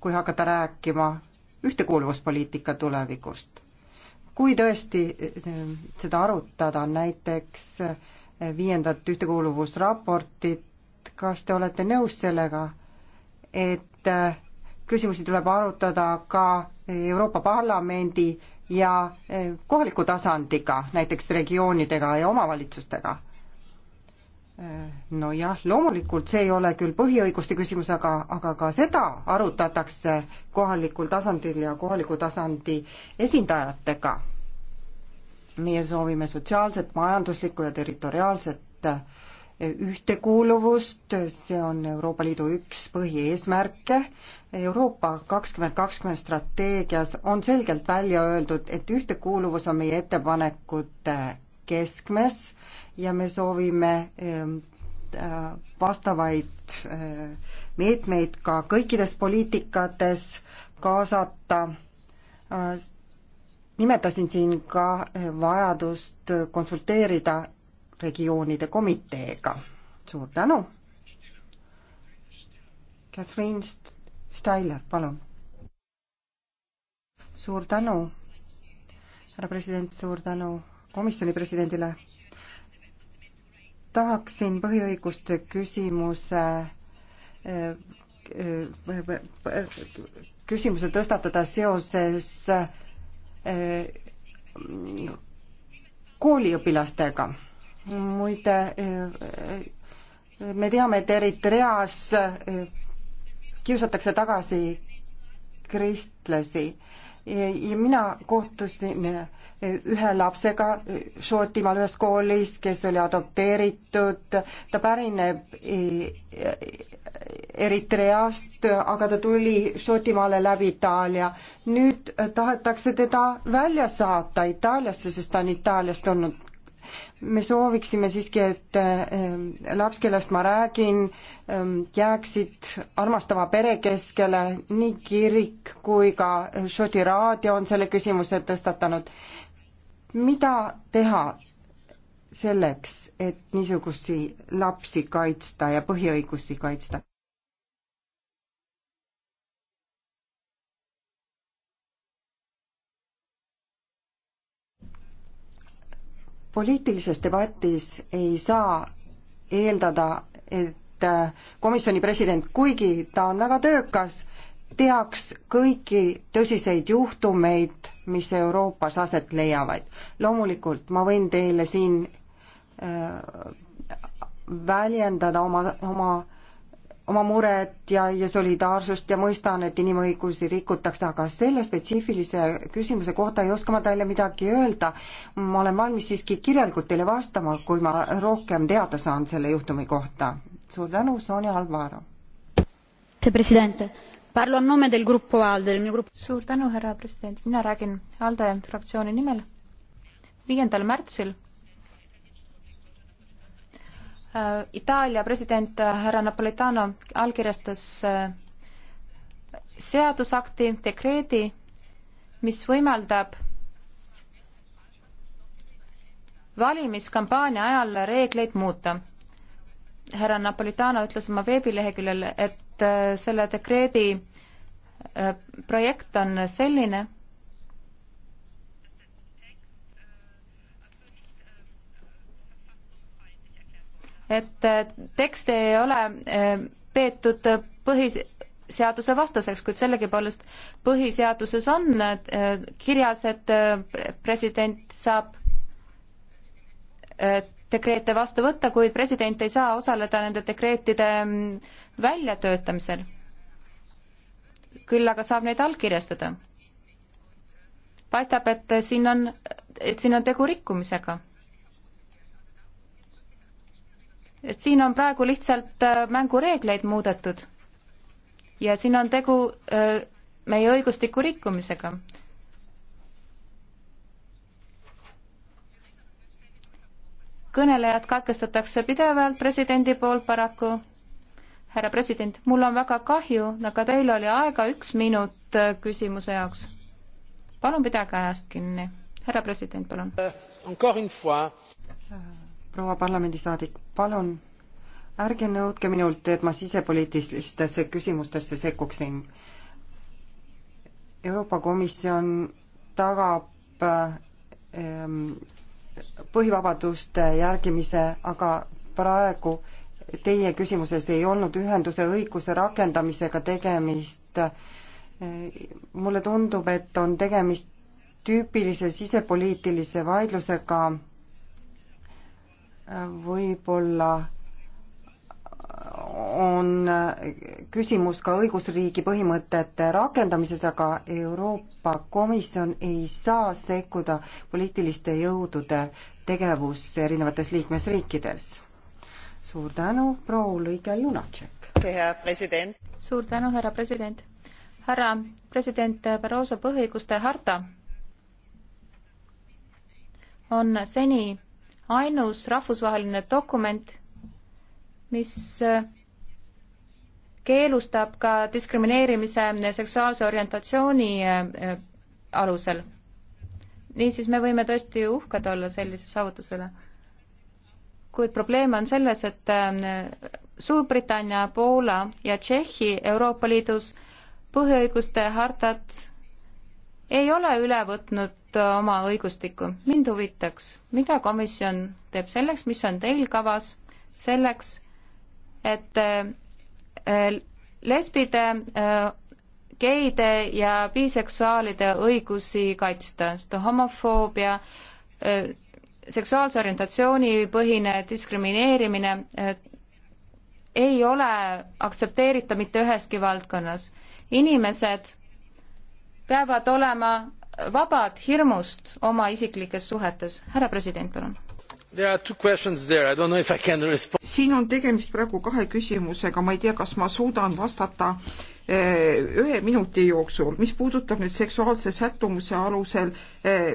kui hakata rääkima ühtekuuluvuspoliitika tulevikust kui tõesti eh, seda arutada, näiteks eh, viiendat ühtekuuluvusraportit, kas te olete nõus sellega, et eh, küsimusi tuleb arutada ka Euroopa Parlamendi ja kohaliku tasandiga, näiteks regioonidega ja omavalitsustega? nojah, loomulikult see ei ole küll põhiõiguste küsimus, aga, aga ka seda arutatakse kohalikul tasandil ja kohaliku tasandi esindajatega. meie soovime sotsiaalset, majanduslikku ja territoriaalset eh, ühtekuuluvust, see on Euroopa Liidu üks põhieesmärke. Euroopa kakskümmend kakskümmend strateegias on selgelt välja öeldud, et ühtekuuluvus on meie ettepanekute keskmes ja me soovime ähm, äh, vastavaid äh, meetmeid ka kõikides poliitikates kaasata. Äh, nimetasin siin ka vajadust konsulteerida regioonide komiteega. suur tänu. Catherine Steiler, palun. suur tänu, härra president, suur tänu komisjoni presidendile. tahaksin põhiõiguste küsimuse küsimuse tõstatada seoses kooliõpilastega. muide, me teame, et Eritreas kiusatakse tagasi kristlasi ja mina kohtusin eh, ühe lapsega eh, Šotimaal ühes koolis, kes oli adopteeritud, ta pärineb eh, Eritreast, aga ta tuli Šotimaale läbi Itaalia. nüüd tahetakse teda välja saata Itaaliasse, sest ta on Itaaliast olnud me sooviksime siiski, et ähm, laps, kellest ma räägin, ähm, jääksid armastava pere keskele, nii kirik kui ka Šoti raadio on selle küsimuse tõstatanud. mida teha selleks, et niisugusi lapsi kaitsta ja põhiõigusi kaitsta? poliitilises debatis ei saa eeldada, et äh, komisjoni president, kuigi ta on väga töökas, teaks kõiki tõsiseid juhtumeid, mis Euroopas aset leiavad. loomulikult ma võin teile siin äh, väljendada oma, oma oma muret ja, ja solidaarsust ja mõistan, et inimõigusi rikutakse, aga selle spetsiifilise küsimuse kohta ei oska ma teile midagi öelda. ma olen valmis siiski kirjalikult teile vastama, kui ma rohkem teada saan selle juhtumi kohta. suur tänu, Sonja Alvaro. suur tänu, härra president, mina räägin ALDE fraktsiooni nimel. viiendal märtsil Äh, Itaalia president äh, härra Napolitano allkirjastas äh, seadusakti, dekreedi, mis võimaldab valimiskampaania ajal reegleid muuta. härra Napolitano ütles oma veebileheküljel, et selle dekreedi projekt on selline, et äh, tekste ei ole äh, peetud äh, põhiseaduse vastaseks, kuid sellegipoolest põhiseaduses on kirjas, et president saab dekreete vastu võtta, kuid president ei saa osaleda nende dekreetide mm, väljatöötamisel. küll aga saab neid allkirjastada. paistab, et siin on, et siin on tegu rikkumisega et siin on praegu lihtsalt äh, mängureegleid muudetud ja siin on tegu äh, meie õigustiku rikkumisega. kõnelejad katkestatakse pidevalt presidendi poolt paraku. härra president, mul on väga kahju, aga teil oli aega üks minut äh, küsimuse jaoks. palun pidage ajast kinni. härra president, palun proua parlamendisaadik, palun ärge nõudke minult, et ma sisepoliitilistesse küsimustesse sekkuksin. Euroopa Komisjon tagab ähm, põhivabaduste järgimise, aga praegu teie küsimuses ei olnud ühenduse õiguse rakendamisega tegemist. Äh, mulle tundub, et on tegemist tüüpilise sisepoliitilise vaidlusega võib-olla on küsimus ka õigusriigi põhimõtete rakendamises, aga Euroopa Komisjon ei saa sekkuda poliitiliste jõudude tegevusse erinevates liikmesriikides. suur tänu, proua Ulrike Lunatšek. suur tänu, härra president. härra president Barroso põhiõiguste harta on seni ainus rahvusvaheline dokument, mis äh, keelustab ka diskrimineerimise seksuaalse orientatsiooni äh, äh, alusel. niisiis, me võime tõesti uhked olla sellise saavutuse üle. kuid probleem on selles, et Suurbritannia, Poola ja Tšehhi Euroopa Liidus põhiõiguste hartat ei ole üle võtnud äh, oma õigustikku. mind huvitaks, mida komisjon teeb selleks, mis on teil kavas selleks, et äh, lesbide, äh, geide ja biseksuaalide õigusi kaitsta, seda homofoobia, seksuaalse orientatsiooni põhine diskrimineerimine ei ole aktsepteeritav mitte üheski valdkonnas. inimesed peavad olema vabad hirmust oma isiklikes suhetes. härra president, palun. siin on tegemist praegu kahe küsimusega, ma ei tea, kas ma suudan vastata eh, ühe minuti jooksul. mis puudutab nüüd seksuaalse sättumuse alusel eh,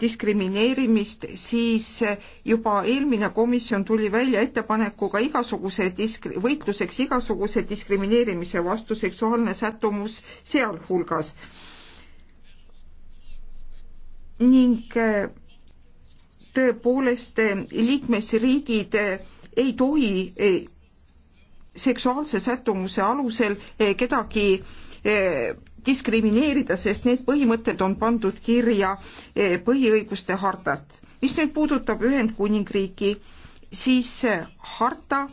diskrimineerimist, siis eh, juba eelmine komisjon tuli välja ettepanekuga igasuguse disk-, võitluseks igasuguse diskrimineerimise vastu seksuaalne sättumus sealhulgas ning eh, tõepoolest eh, liikmesriigid eh, ei tohi seksuaalse sättumuse alusel kedagi diskrimineerida, sest need põhimõtted on pandud kirja põhiõiguste hartalt. mis nüüd puudutab Ühendkuningriiki, siis harta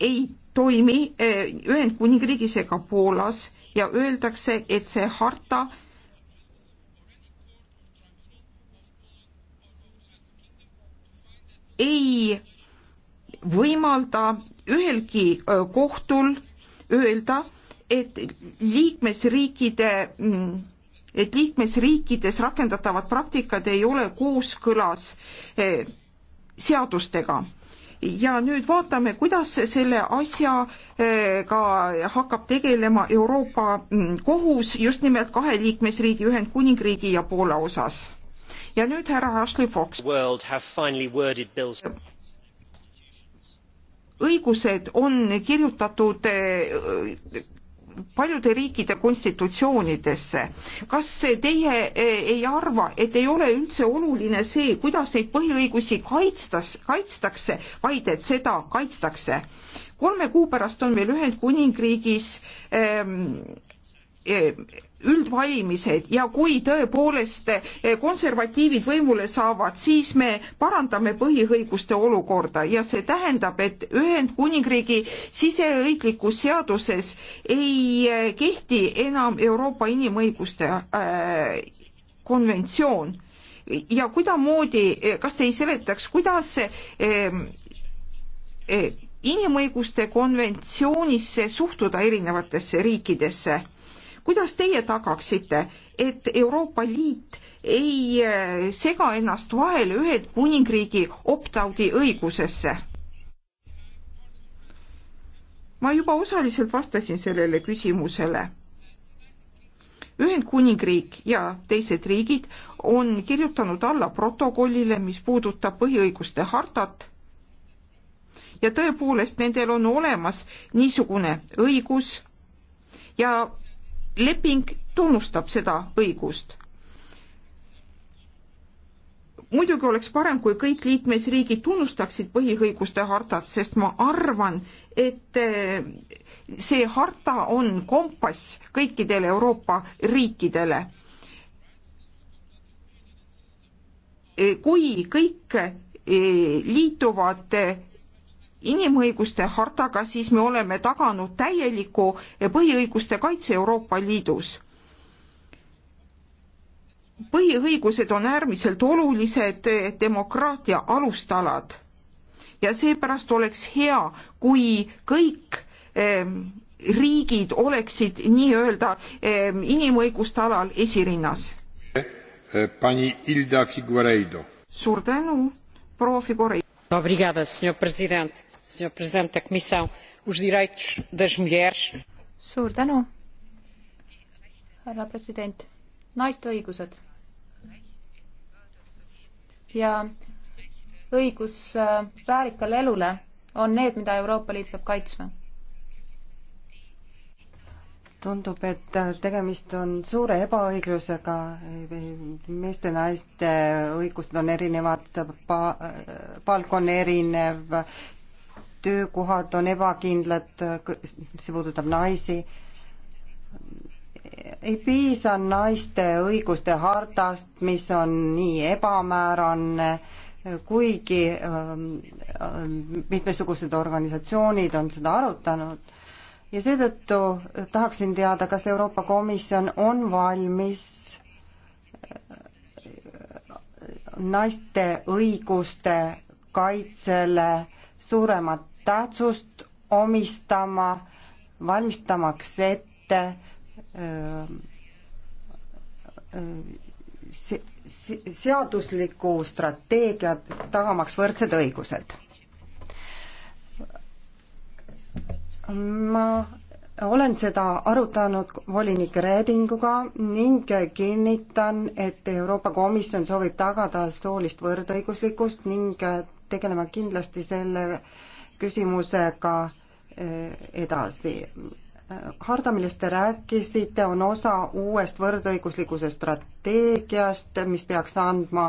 ei toimi Ühendkuningriigis ega Poolas ja öeldakse, et see harta ei võimalda ühelgi kohtul öelda, et liikmesriikide, mm, et liikmesriikides rakendatavad praktikad ei ole kooskõlas seadustega ja nüüd vaatame, kuidas selle asjaga hakkab tegelema Euroopa mm, Kohus just nimelt kahe liikmesriigi, Ühendkuningriigi ja Poola osas. ja nüüd härra Ashley Fox. õigused on kirjutatud eh, paljude riikide konstitutsioonidesse. kas teie eh, ei arva, et ei ole üldse oluline see, kuidas neid põhiõigusi kaitstas, kaitstakse, vaid et seda kaitstakse? kolme kuu pärast on meil Ühendkuningriigis ähm, Eh, üldvalimised ja kui tõepoolest eh, konservatiivid võimule saavad, siis me parandame põhiõiguste olukorda ja see tähendab, et Ühendkuningriigi siseõiglikus seaduses ei eh, kehti enam Euroopa inimõiguste konventsioon ja kuidamoodi, kas te ei seletaks, kuidas inimõiguste konventsioonisse suhtuda erinevatesse riikidesse? kuidas teie tagaksite, et Euroopa Liit ei eh, sega ennast vahele Ühendkuningriigi opt-out'i õigusesse? ma juba osaliselt vastasin sellele küsimusele Ühendkuningriik ja teised riigid on kirjutanud alla protokollile, mis puudutab põhiõiguste hartat ja tõepoolest nendel on olemas niisugune õigus ja leping tunnustab seda õigust. muidugi oleks parem, kui kõik liikmesriigid tunnustaksid põhiõiguste hartat, sest ma arvan, et eh, see harta on kompass kõikidele Euroopa riikidele. Eh, kui kõik eh, liituvad inimõiguste hartaga, siis me oleme taganud täieliku põhiõiguste kaitse Euroopa Liidus. põhiõigused on äärmiselt olulised demokraatia alustalad ja seepärast oleks hea, kui kõik ehm, riigid oleksid nii-öelda ehm, inimõiguste alal esirinnas. Pani Hilda Figueiredo. suur tänu, proua Figueiredo. Obrigada, senhor president senhor presidente da comissão os direitos das mulheres suur tänu härra president naiste õigused ja õigus äh, väärikale elule on need, mida Euroopa Liit peab kaitsma. tundub, et äh, tegemist on suure ebaõiglusega, meeste, naiste õigused on erinevad, palk on erinev, töökohad on ebakindlad, see puudutab naisi, ei piisa naiste õiguste hartast, mis on nii ebamäärane, kuigi ähm, ähm, mitmesugused organisatsioonid on seda arutanud ja seetõttu tahaksin teada, kas Euroopa Komisjon on valmis äh, naiste õiguste kaitsele suuremat tähtsust omistama, valmistamaks ette se-, se-, seadusliku strateegia tagamaks võrdsed õigused. ma olen seda arutanud volinik Redinguga ning kinnitan, et Euroopa Komisjon soovib tagada soolist võrdõiguslikkust ning tegelema kindlasti selle äh, küsimusega eh, edasi. Harda, millest te rääkisite, on osa uuest võrdõiguslikkuse strateegiast, mis peaks andma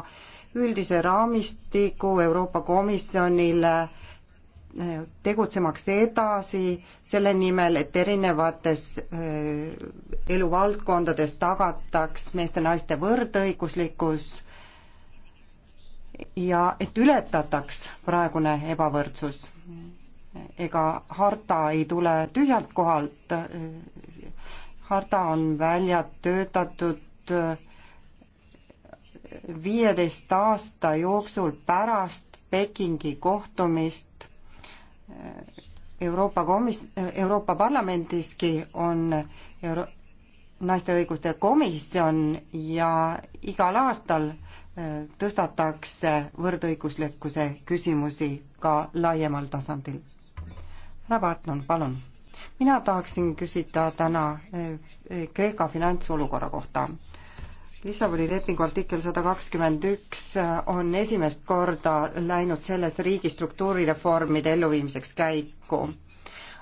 üldise raamistiku Euroopa Komisjonile eh, tegutsemaks edasi selle nimel, et erinevates eh, eluvaldkondades tagataks meeste-naiste võrdõiguslikkus ja et ületataks praegune ebavõrdsus. ega harta ei tule tühjalt kohalt, harta on välja töötatud viieteist aasta jooksul pärast Pekingi kohtumist Euroopa komis-, Euroopa Parlamendiski on Euro-, naiste õiguste komisjon ja igal aastal tõstatakse võrdõiguslikkuse küsimusi ka laiemal tasandil. härra Parton, palun. mina tahaksin küsida täna eh, Kreeka finantsolukorra kohta. Lissaboni lepingu artikkel sada kakskümmend üks eh, on esimest korda läinud sellest riigi struktuurireformide elluviimiseks käiku.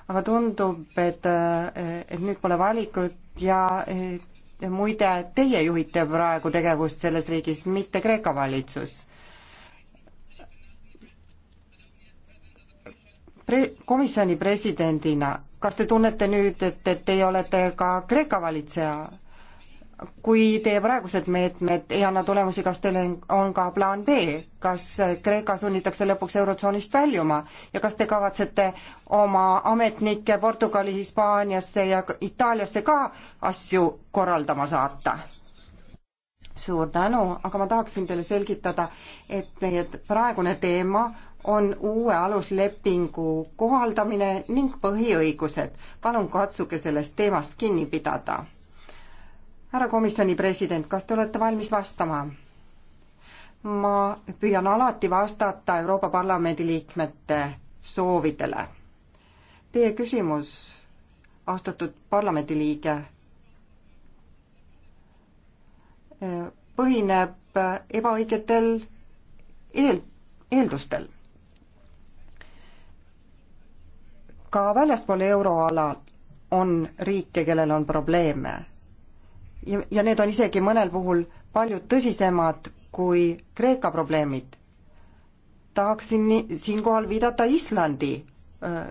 aga tundub, et, eh, et nüüd pole valikut ja et muide, teie juhite praegu tegevust selles riigis, mitte Kreeka valitsus. Pre-, komisjoni presidendina, kas te tunnete nüüd, et, et teie olete ka Kreeka valitseja? kui teie praegused meetmed ei anna tulemusi, kas teil on ka plaan B, kas Kreeka sunnitakse lõpuks Eurotsoonist väljuma ja kas te kavatsete oma ametnikke Portugali, Hispaaniasse ja Itaaliasse ka asju korraldama saata? suur tänu, aga ma tahaksin teile selgitada, et meie praegune teema on uue aluslepingu kohaldamine ning põhiõigused. palun katsuge sellest teemast kinni pidada härra komisjoni president, kas te olete valmis vastama? ma püüan alati vastata Euroopa Parlamendi liikmete soovidele. Teie küsimus, austatud parlamendiliige, põhineb ebaõigetel eel, eeldustel. ka väljaspool euroala on riike, kellel on probleeme ja, ja need on isegi mõnel puhul palju tõsisemad kui Kreeka probleemid. tahaksin siinkohal viidata Islandi öö,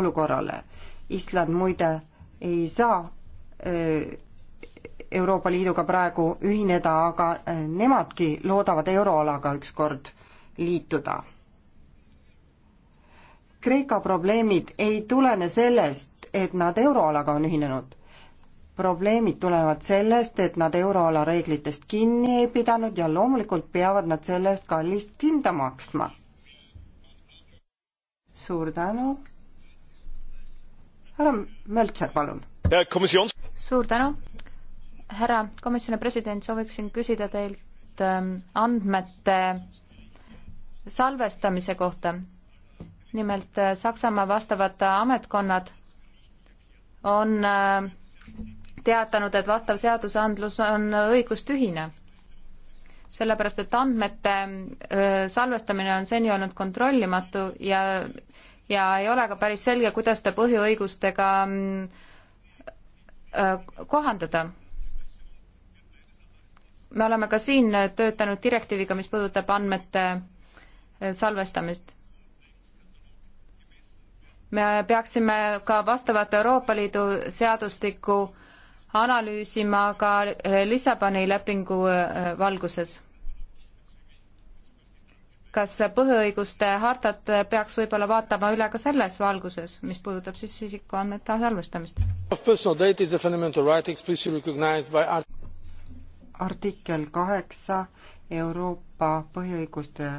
olukorrale. Island muide ei saa öö, Euroopa Liiduga praegu ühineda, aga nemadki loodavad euroalaga ükskord liituda. Kreeka probleemid ei tulene sellest, et nad euroalaga on ühinenud probleemid tulenevad sellest, et nad euroala reeglitest kinni ei pidanud ja loomulikult peavad nad selle eest kallist hinda maksma. suur tänu. härra Möltser, palun. suur tänu. härra komisjoni president, sooviksin küsida teilt ähm, andmete salvestamise kohta. nimelt äh, Saksamaa vastavad ametkonnad on äh, teatanud, et vastav seadusandlus on õigustühine. sellepärast, et andmete salvestamine on seni olnud kontrollimatu ja, ja ei ole ka päris selge, kuidas ta põhiõigustega kohandada. me oleme ka siin töötanud direktiiviga, mis puudutab andmete salvestamist me peaksime ka vastavat Euroopa Liidu seadustikku analüüsima ka eh, Lissaboni lepingu eh, valguses. kas põhiõiguste hartat eh, peaks võib-olla vaatama üle ka selles valguses, mis puudutab siis isikuandmete salvestamist? artikkel kaheksa Euroopa põhiõiguste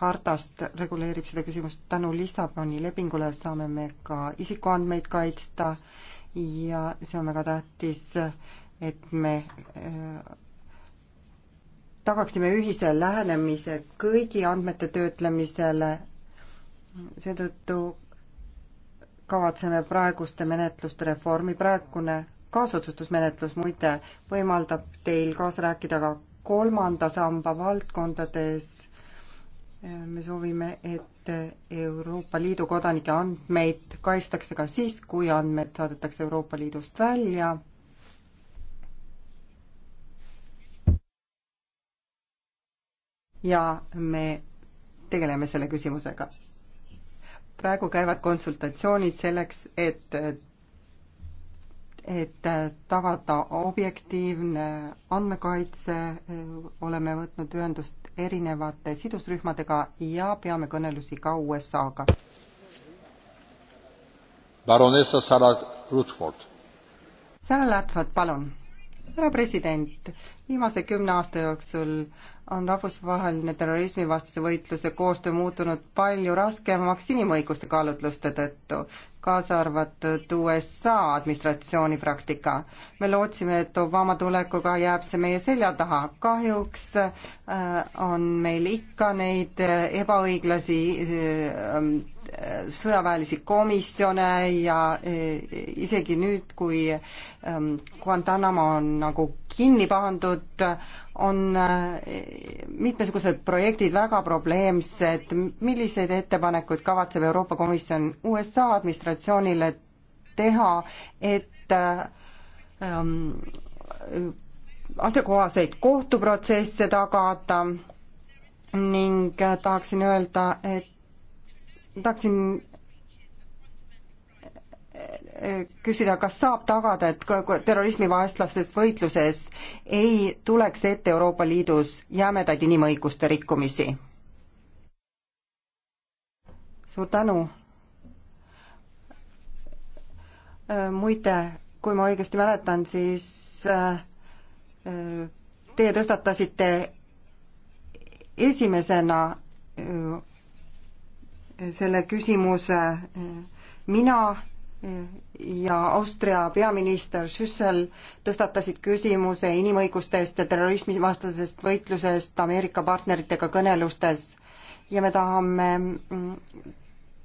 hardast reguleerib seda küsimust, tänu Lissaboni lepingule saame me ka isikuandmeid kaitsta ja see on väga tähtis, et me äh, tagaksime ühise lähenemise kõigi andmete töötlemisele, seetõttu kavatseme praeguste menetluste reformi, praegune kaasotsustusmenetlus muide võimaldab teil kaasa rääkida ka kolmanda samba valdkondades me soovime, et Euroopa Liidu kodanike andmeid kaitstakse ka siis, kui andmed saadetakse Euroopa Liidust välja. ja me tegeleme selle küsimusega. praegu käivad konsultatsioonid selleks, et et tagada objektiivne andmekaitse, äh, oleme võtnud ühendust erinevate sidusrühmadega ja peame kõnelusi ka USA-ga. baronessa Sarah Rutford. Sarah Ladford, palun. härra president, viimase kümne aasta jooksul on rahvusvaheline terrorismivastase võitluse koostöö muutunud palju raskemaks inimõiguste kaalutluste tõttu, kaasa arvatud USA administratsiooni praktika. me lootsime, et Obama tulekuga jääb see meie selja taha, kahjuks äh, on meil ikka neid äh, ebaõiglasi äh, sõjaväelisi komisjone ja eh, isegi nüüd, kui ehm, Guantanamo on nagu kinni pandud, on eh, mitmesugused projektid väga probleemsed, milliseid ettepanekuid kavatseb Euroopa Komisjon USA administratsioonile teha, et ähm, asjakohaseid kohtuprotsesse tagada ning eh, tahaksin öelda, et tahaksin äh, küsida, kas saab tagada, et terrorismivaestlases võitluses ei tuleks ette Euroopa Liidus jämedaid inimõiguste rikkumisi? suur tänu. Äh, muide, kui ma õigesti mäletan, siis äh, teie tõstatasite esimesena selle küsimuse mina ja Austria peaminister Schüssel tõstatasid küsimuse inimõiguste eest ja terrorismivastasest võitlusest Ameerika partneritega kõnelustes ja me tahame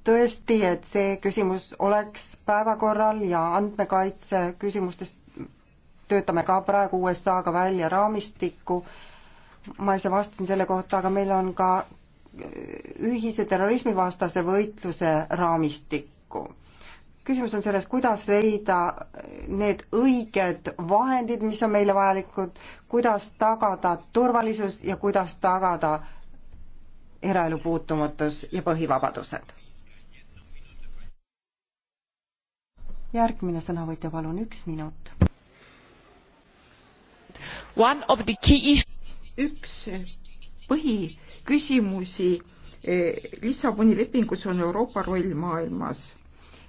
tõesti, et see küsimus oleks päevakorral ja andmekaitse küsimustes töötame ka praegu USA-ga välja raamistikku, ma ise vastasin selle kohta, aga meil on ka ühise terrorismivastase võitluse raamistikku. küsimus on selles, kuidas leida need õiged vahendid, mis on meile vajalikud, kuidas tagada turvalisus ja kuidas tagada eraelu puutumatus ja põhivabadused. järgmine sõnavõtja, palun, üks minut. üks põhiküsimusi eh, Lissaboni lepingus on Euroopa roll maailmas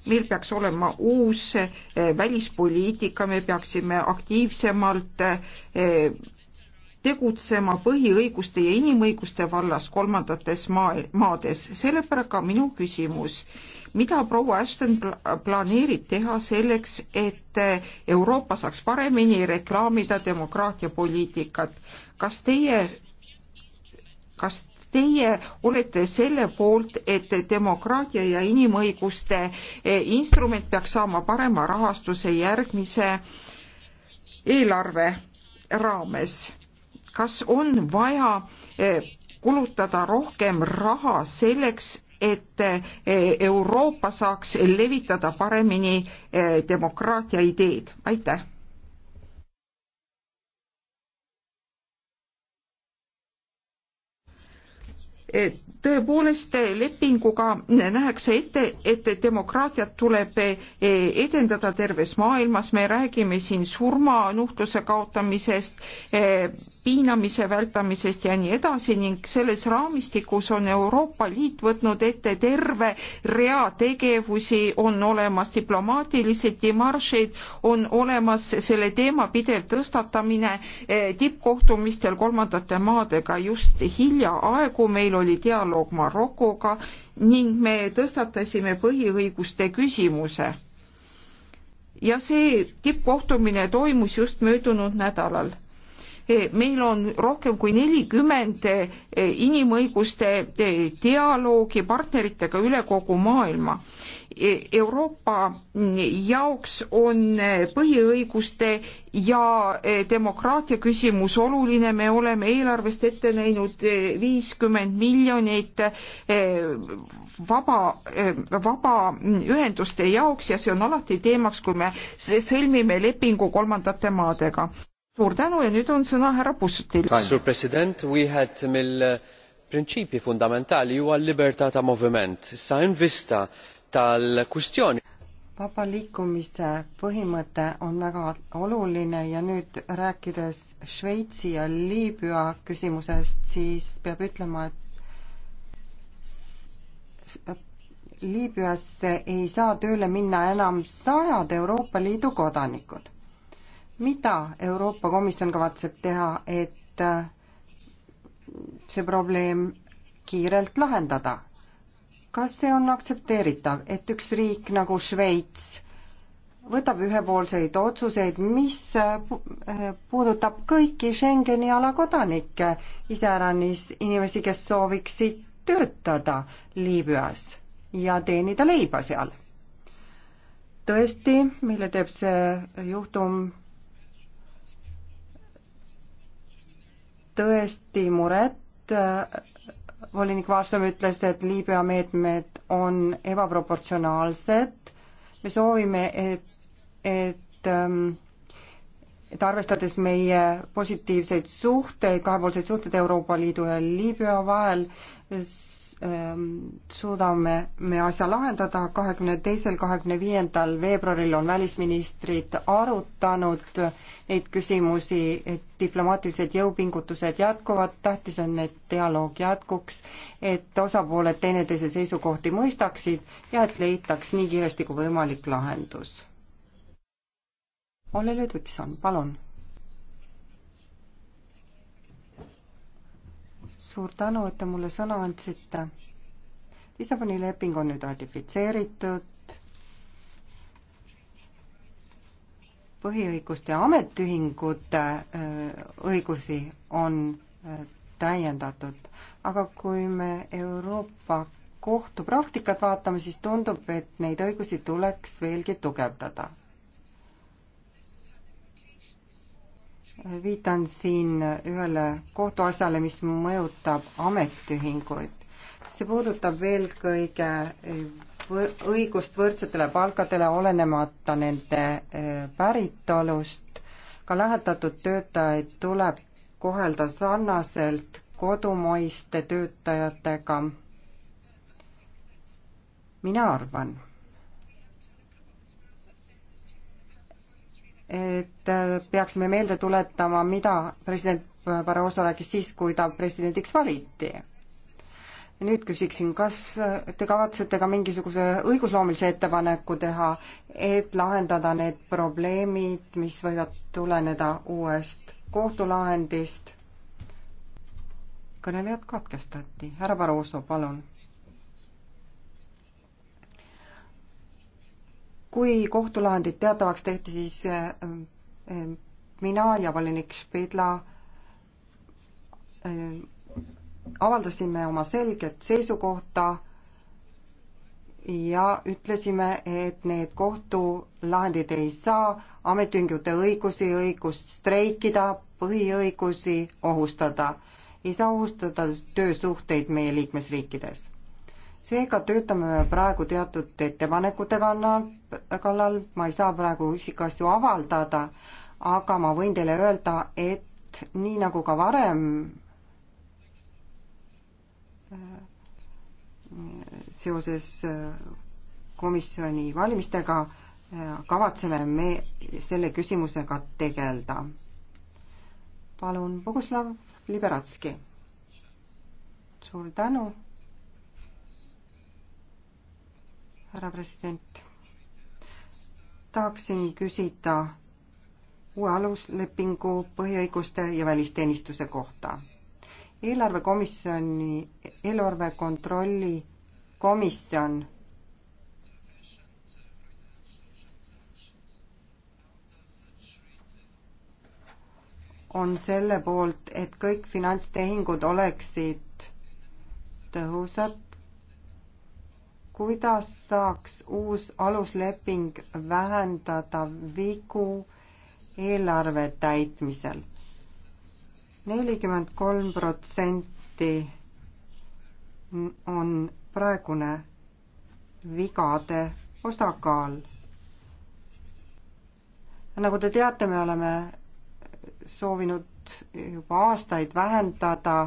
meil peaks olema uus eh, välispoliitika, me peaksime aktiivsemalt eh, tegutsema põhiõiguste ja inimõiguste vallas kolmandates maa, maades. sellepärast ka minu küsimus, mida proua Ashton planeerib teha selleks, et Euroopa saaks paremini reklaamida demokraatiapoliitikat? kas teie kas teie olete selle poolt, et demokraatia ja inimõiguste e, instrument peaks saama parema rahastuse järgmise eelarve raames? kas on vaja e, kulutada rohkem raha selleks, et e, Euroopa saaks levitada paremini demokraatia ideed? aitäh! tõepoolest lepinguga nähakse ette, et demokraatiat tuleb edendada terves maailmas, me räägime siin surmanuhtluse kaotamisest, piinamise vältamisest ja nii edasi ning selles raamistikus on Euroopa Liit võtnud ette terve rea tegevusi, on olemas diplomaatilised demaršid, on olemas selle teema pidev tõstatamine eh, tippkohtumistel kolmandate maadega. just hiljaaegu meil oli dialoog Marokoga ning me tõstatasime põhiõiguste küsimuse ja see tippkohtumine toimus just möödunud nädalal Eh, meil on rohkem kui nelikümmend eh, inimõiguste eh, dialoogi partneritega üle kogu maailma. Euroopa mm, jaoks on põhiõiguste ja demokraatia küsimus oluline, me oleme eelarvest ette näinud viiskümmend miljonit vaba, vabaühenduste mm, jaoks ja see on alati teemaks, kui me sõlmime lepingu kolmandate maadega suur tänu ja nüüd on sõna härra Bussutil. Äh, prinċipji fundamentali huwa l-libertà ta' moviment. Issa invista tal-kwistjoni. vaba liikumise põhimõte on väga oluline ja nüüd rääkides Šveitsi ja Liibüa küsimusest, siis peab ütlema, et Liibüasse ei saa tööle minna enam sajad Euroopa Liidu kodanikud mida Euroopa Komisjon kavatseb teha, et äh, see probleem kiirelt lahendada? kas see on aktsepteeritav, et üks riik nagu Šveits võtab ühepoolseid otsuseid, mis äh, puudutab kõiki Schengeni ala kodanikke, iseäranis inimesi, kes sooviksid töötada Liibüas ja teenida leiba seal. tõesti, meile teeb see juhtum tõesti muret. volinik Vaaslam ütles, et Liibüa meetmed on ebaproportsionaalsed. me soovime, et, et ähm, et arvestades meie positiivseid suhteid, kahepoolseid suhteid Euroopa Liidu ja Liibüa vahel, Ähm, suudame me asja lahendada, kahekümne teisel, kahekümne viiendal veebruaril on välisministrid arutanud neid küsimusi, et diplomaatilised jõupingutused jätkuvad, tähtis on, et dialoog jätkuks, et osapooled teineteise seisukohti mõistaksid ja et leitaks nii kiiresti kui võimalik lahendus. Olle Ludvigson, palun suur tänu, et te mulle sõna andsite. Lissaboni leping on nüüd ratifitseeritud. põhiõiguste ametiühingute äh, õigusi on äh, täiendatud, aga kui me Euroopa kohtupraktikat vaatame, siis tundub, et neid õigusi tuleks veelgi tugevdada viitan siin ühele kohtuasjale, mis mõjutab ametiühinguid. see puudutab eelkõige võr õigust võrdsetele palkadele, olenemata nende eh, päritolust. ka lähetatud töötajaid tuleb kohelda sarnaselt kodumaiste töötajatega. mina arvan et äh, peaksime meelde tuletama, mida president Barroso rääkis siis, kui ta presidendiks valiti. nüüd küsiksin, kas te kavatsete ka mingisuguse õigusloomelise ettepaneku teha, et lahendada need probleemid, mis võivad tuleneda uuest kohtulahendist? kõnelejad katkestati, härra Barroso, palun kui kohtulahendid teatavaks tehti, siis äh, äh, mina ja volinik Špidla äh, avaldasime oma selget seisukohta ja ütlesime, et need kohtulahendid ei saa ametiühingute õigusi, õigust streikida, põhiõigusi ohustada. ei saa ohustada töösuhteid meie liikmesriikides seega töötame me praegu teatud ettepanekute kannal, kallal, ma ei saa praegu üksikasju avaldada, aga ma võin teile öelda, et nii nagu ka varem seoses komisjoni valimistega kavatseme me selle küsimusega tegeleda. palun, Boguslav Liberatski. suur tänu härra president. tahaksin küsida uue aluslepingu põhiõiguste ja välisteenistuse kohta. eelarvekomisjoni, eelarve kontrolli komisjon on selle poolt, et kõik finantstehingud oleksid tõhusad, kuidas saaks uus alusleping vähendada vigu eelarve täitmisel. nelikümmend kolm protsenti on praegune vigade osakaal. nagu te teate, me oleme soovinud juba aastaid vähendada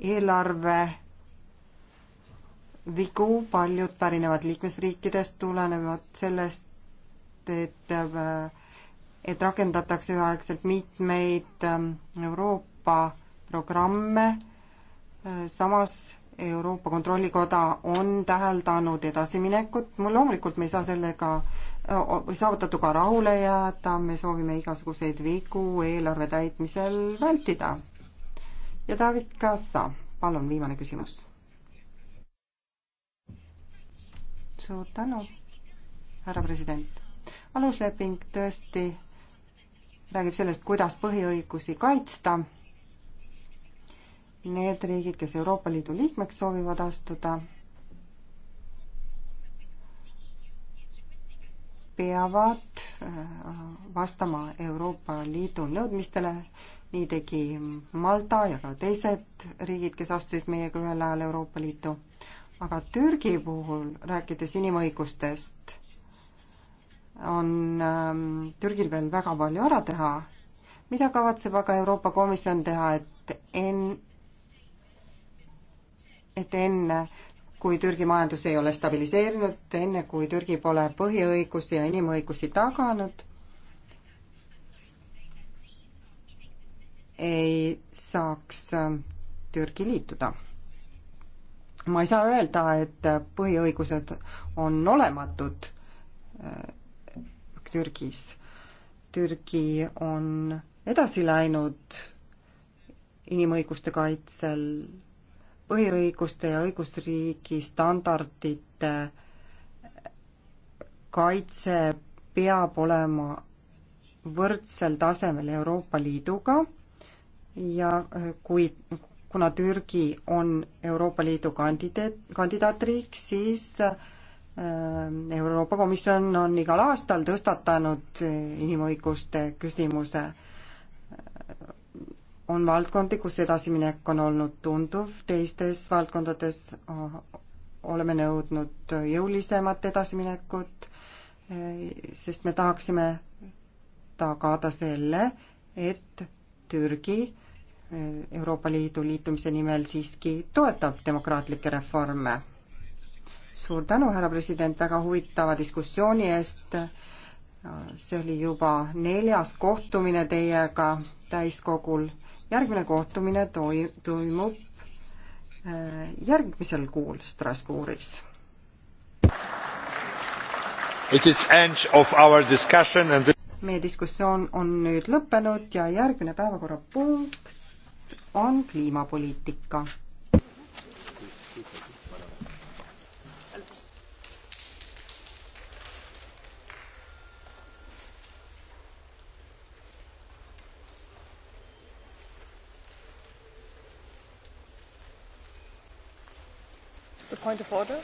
eelarve vigu, paljud pärinevad liikmesriikidest, tulenevad sellest, et äh, et rakendatakse üheaegselt mitmeid ähm, Euroopa programme, äh, samas Euroopa Kontrollikoda on täheldanud edasiminekut, loomulikult me ei saa sellega äh, saavutatuga rahule jääda, me soovime igasuguseid vigu eelarve täitmisel vältida. ja David Kassa, palun viimane küsimus suur tänu, härra president. alusleping tõesti räägib sellest, kuidas põhiõigusi kaitsta. Need riigid, kes Euroopa Liidu liikmeks soovivad astuda, peavad äh, vastama Euroopa Liidu nõudmistele. nii tegi Malta ja ka teised riigid, kes astusid meiega ühel ajal Euroopa Liitu aga Türgi puhul, rääkides inimõigustest, on ähm, Türgil veel väga palju ära teha. mida kavatseb aga Euroopa Komisjon teha, et en-, et enne, kui Türgi majandus ei ole stabiliseerinud, enne kui Türgi pole põhiõigusi ja inimõigusi taganud, ei saaks ähm, Türgi liituda ma ei saa öelda, et põhiõigused on olematud äh, Türgis. Türgi on edasi läinud inimõiguste kaitsel, põhiõiguste ja õigusriigi standardite kaitse peab olema võrdsel tasemel Euroopa Liiduga ja äh, kui kuna Türgi on Euroopa Liidu kandidaat, kandidaatriik, siis äh, Euroopa Komisjon on igal aastal tõstatanud äh, inimõiguste küsimuse. on valdkondi, kus edasiminek on olnud tunduv, teistes valdkondades oleme nõudnud jõulisemat edasiminekut, äh, sest me tahaksime tagada selle, et Türgi Euroopa Liidu liitumise nimel siiski toetab demokraatlikke reforme. suur tänu, härra president, väga huvitava diskussiooni eest. see oli juba neljas kohtumine teiega täiskogul. järgmine kohtumine toi-, toimub äh, järgmisel kuul Strasbourgis. It is end of our discussion and meie diskussioon on nüüd lõppenud ja järgmine päevakorrapunkt on kliimapoliitika. The point of order?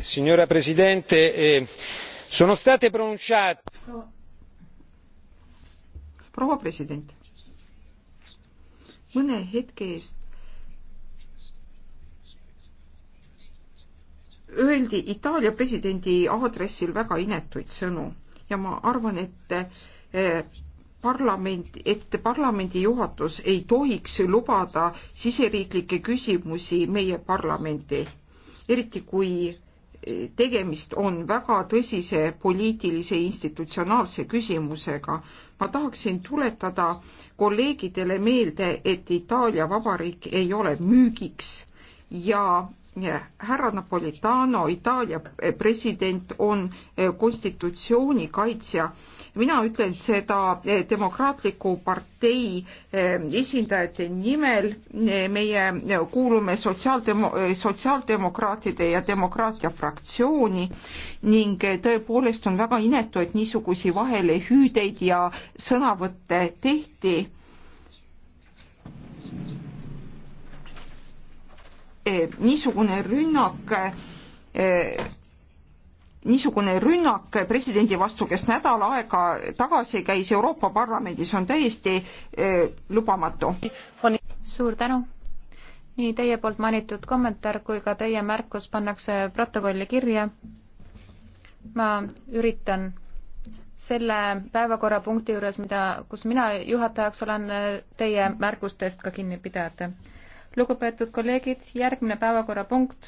signora presidente eh, sono state pronunciate. proua president mõne hetke eest öeldi Itaalia presidendi aadressil väga inetuid sõnu ja ma arvan, et eh, parlament, et parlamendi juhatus ei tohiks lubada siseriiklikke küsimusi meie parlamendi eriti kui e, tegemist on väga tõsise poliitilise institutsionaalse küsimusega. ma tahaksin tuletada kolleegidele meelde, et Itaalia Vabariik ei ole müügiks ja härra Napolitano, Itaalia president, on eh, konstitutsiooni kaitsja. mina ütlen seda eh, Demokraatliku partei eh, esindajate nimel. meie kuulume sotsiaaldemo-, sotsiaaldemokraatide ja demokraatia fraktsiooni ning tõepoolest on väga inetu, et niisugusi vahelehüüdeid ja sõnavõtte tehti E, niisugune rünnak e, niisugune rünnak presidendi vastu, kes nädal aega tagasi käis Euroopa Parlamendis, on täiesti eh, lubamatu. suur tänu. nii teie poolt mainitud kommentaar kui ka teie märkus pannakse protokolli kirja. ma üritan selle päevakorrapunkti juures, mida, kus mina juhatajaks olen, teie märkustest ka kinni pidada lugupeetud kolleegid, järgmine päevakorrapunkt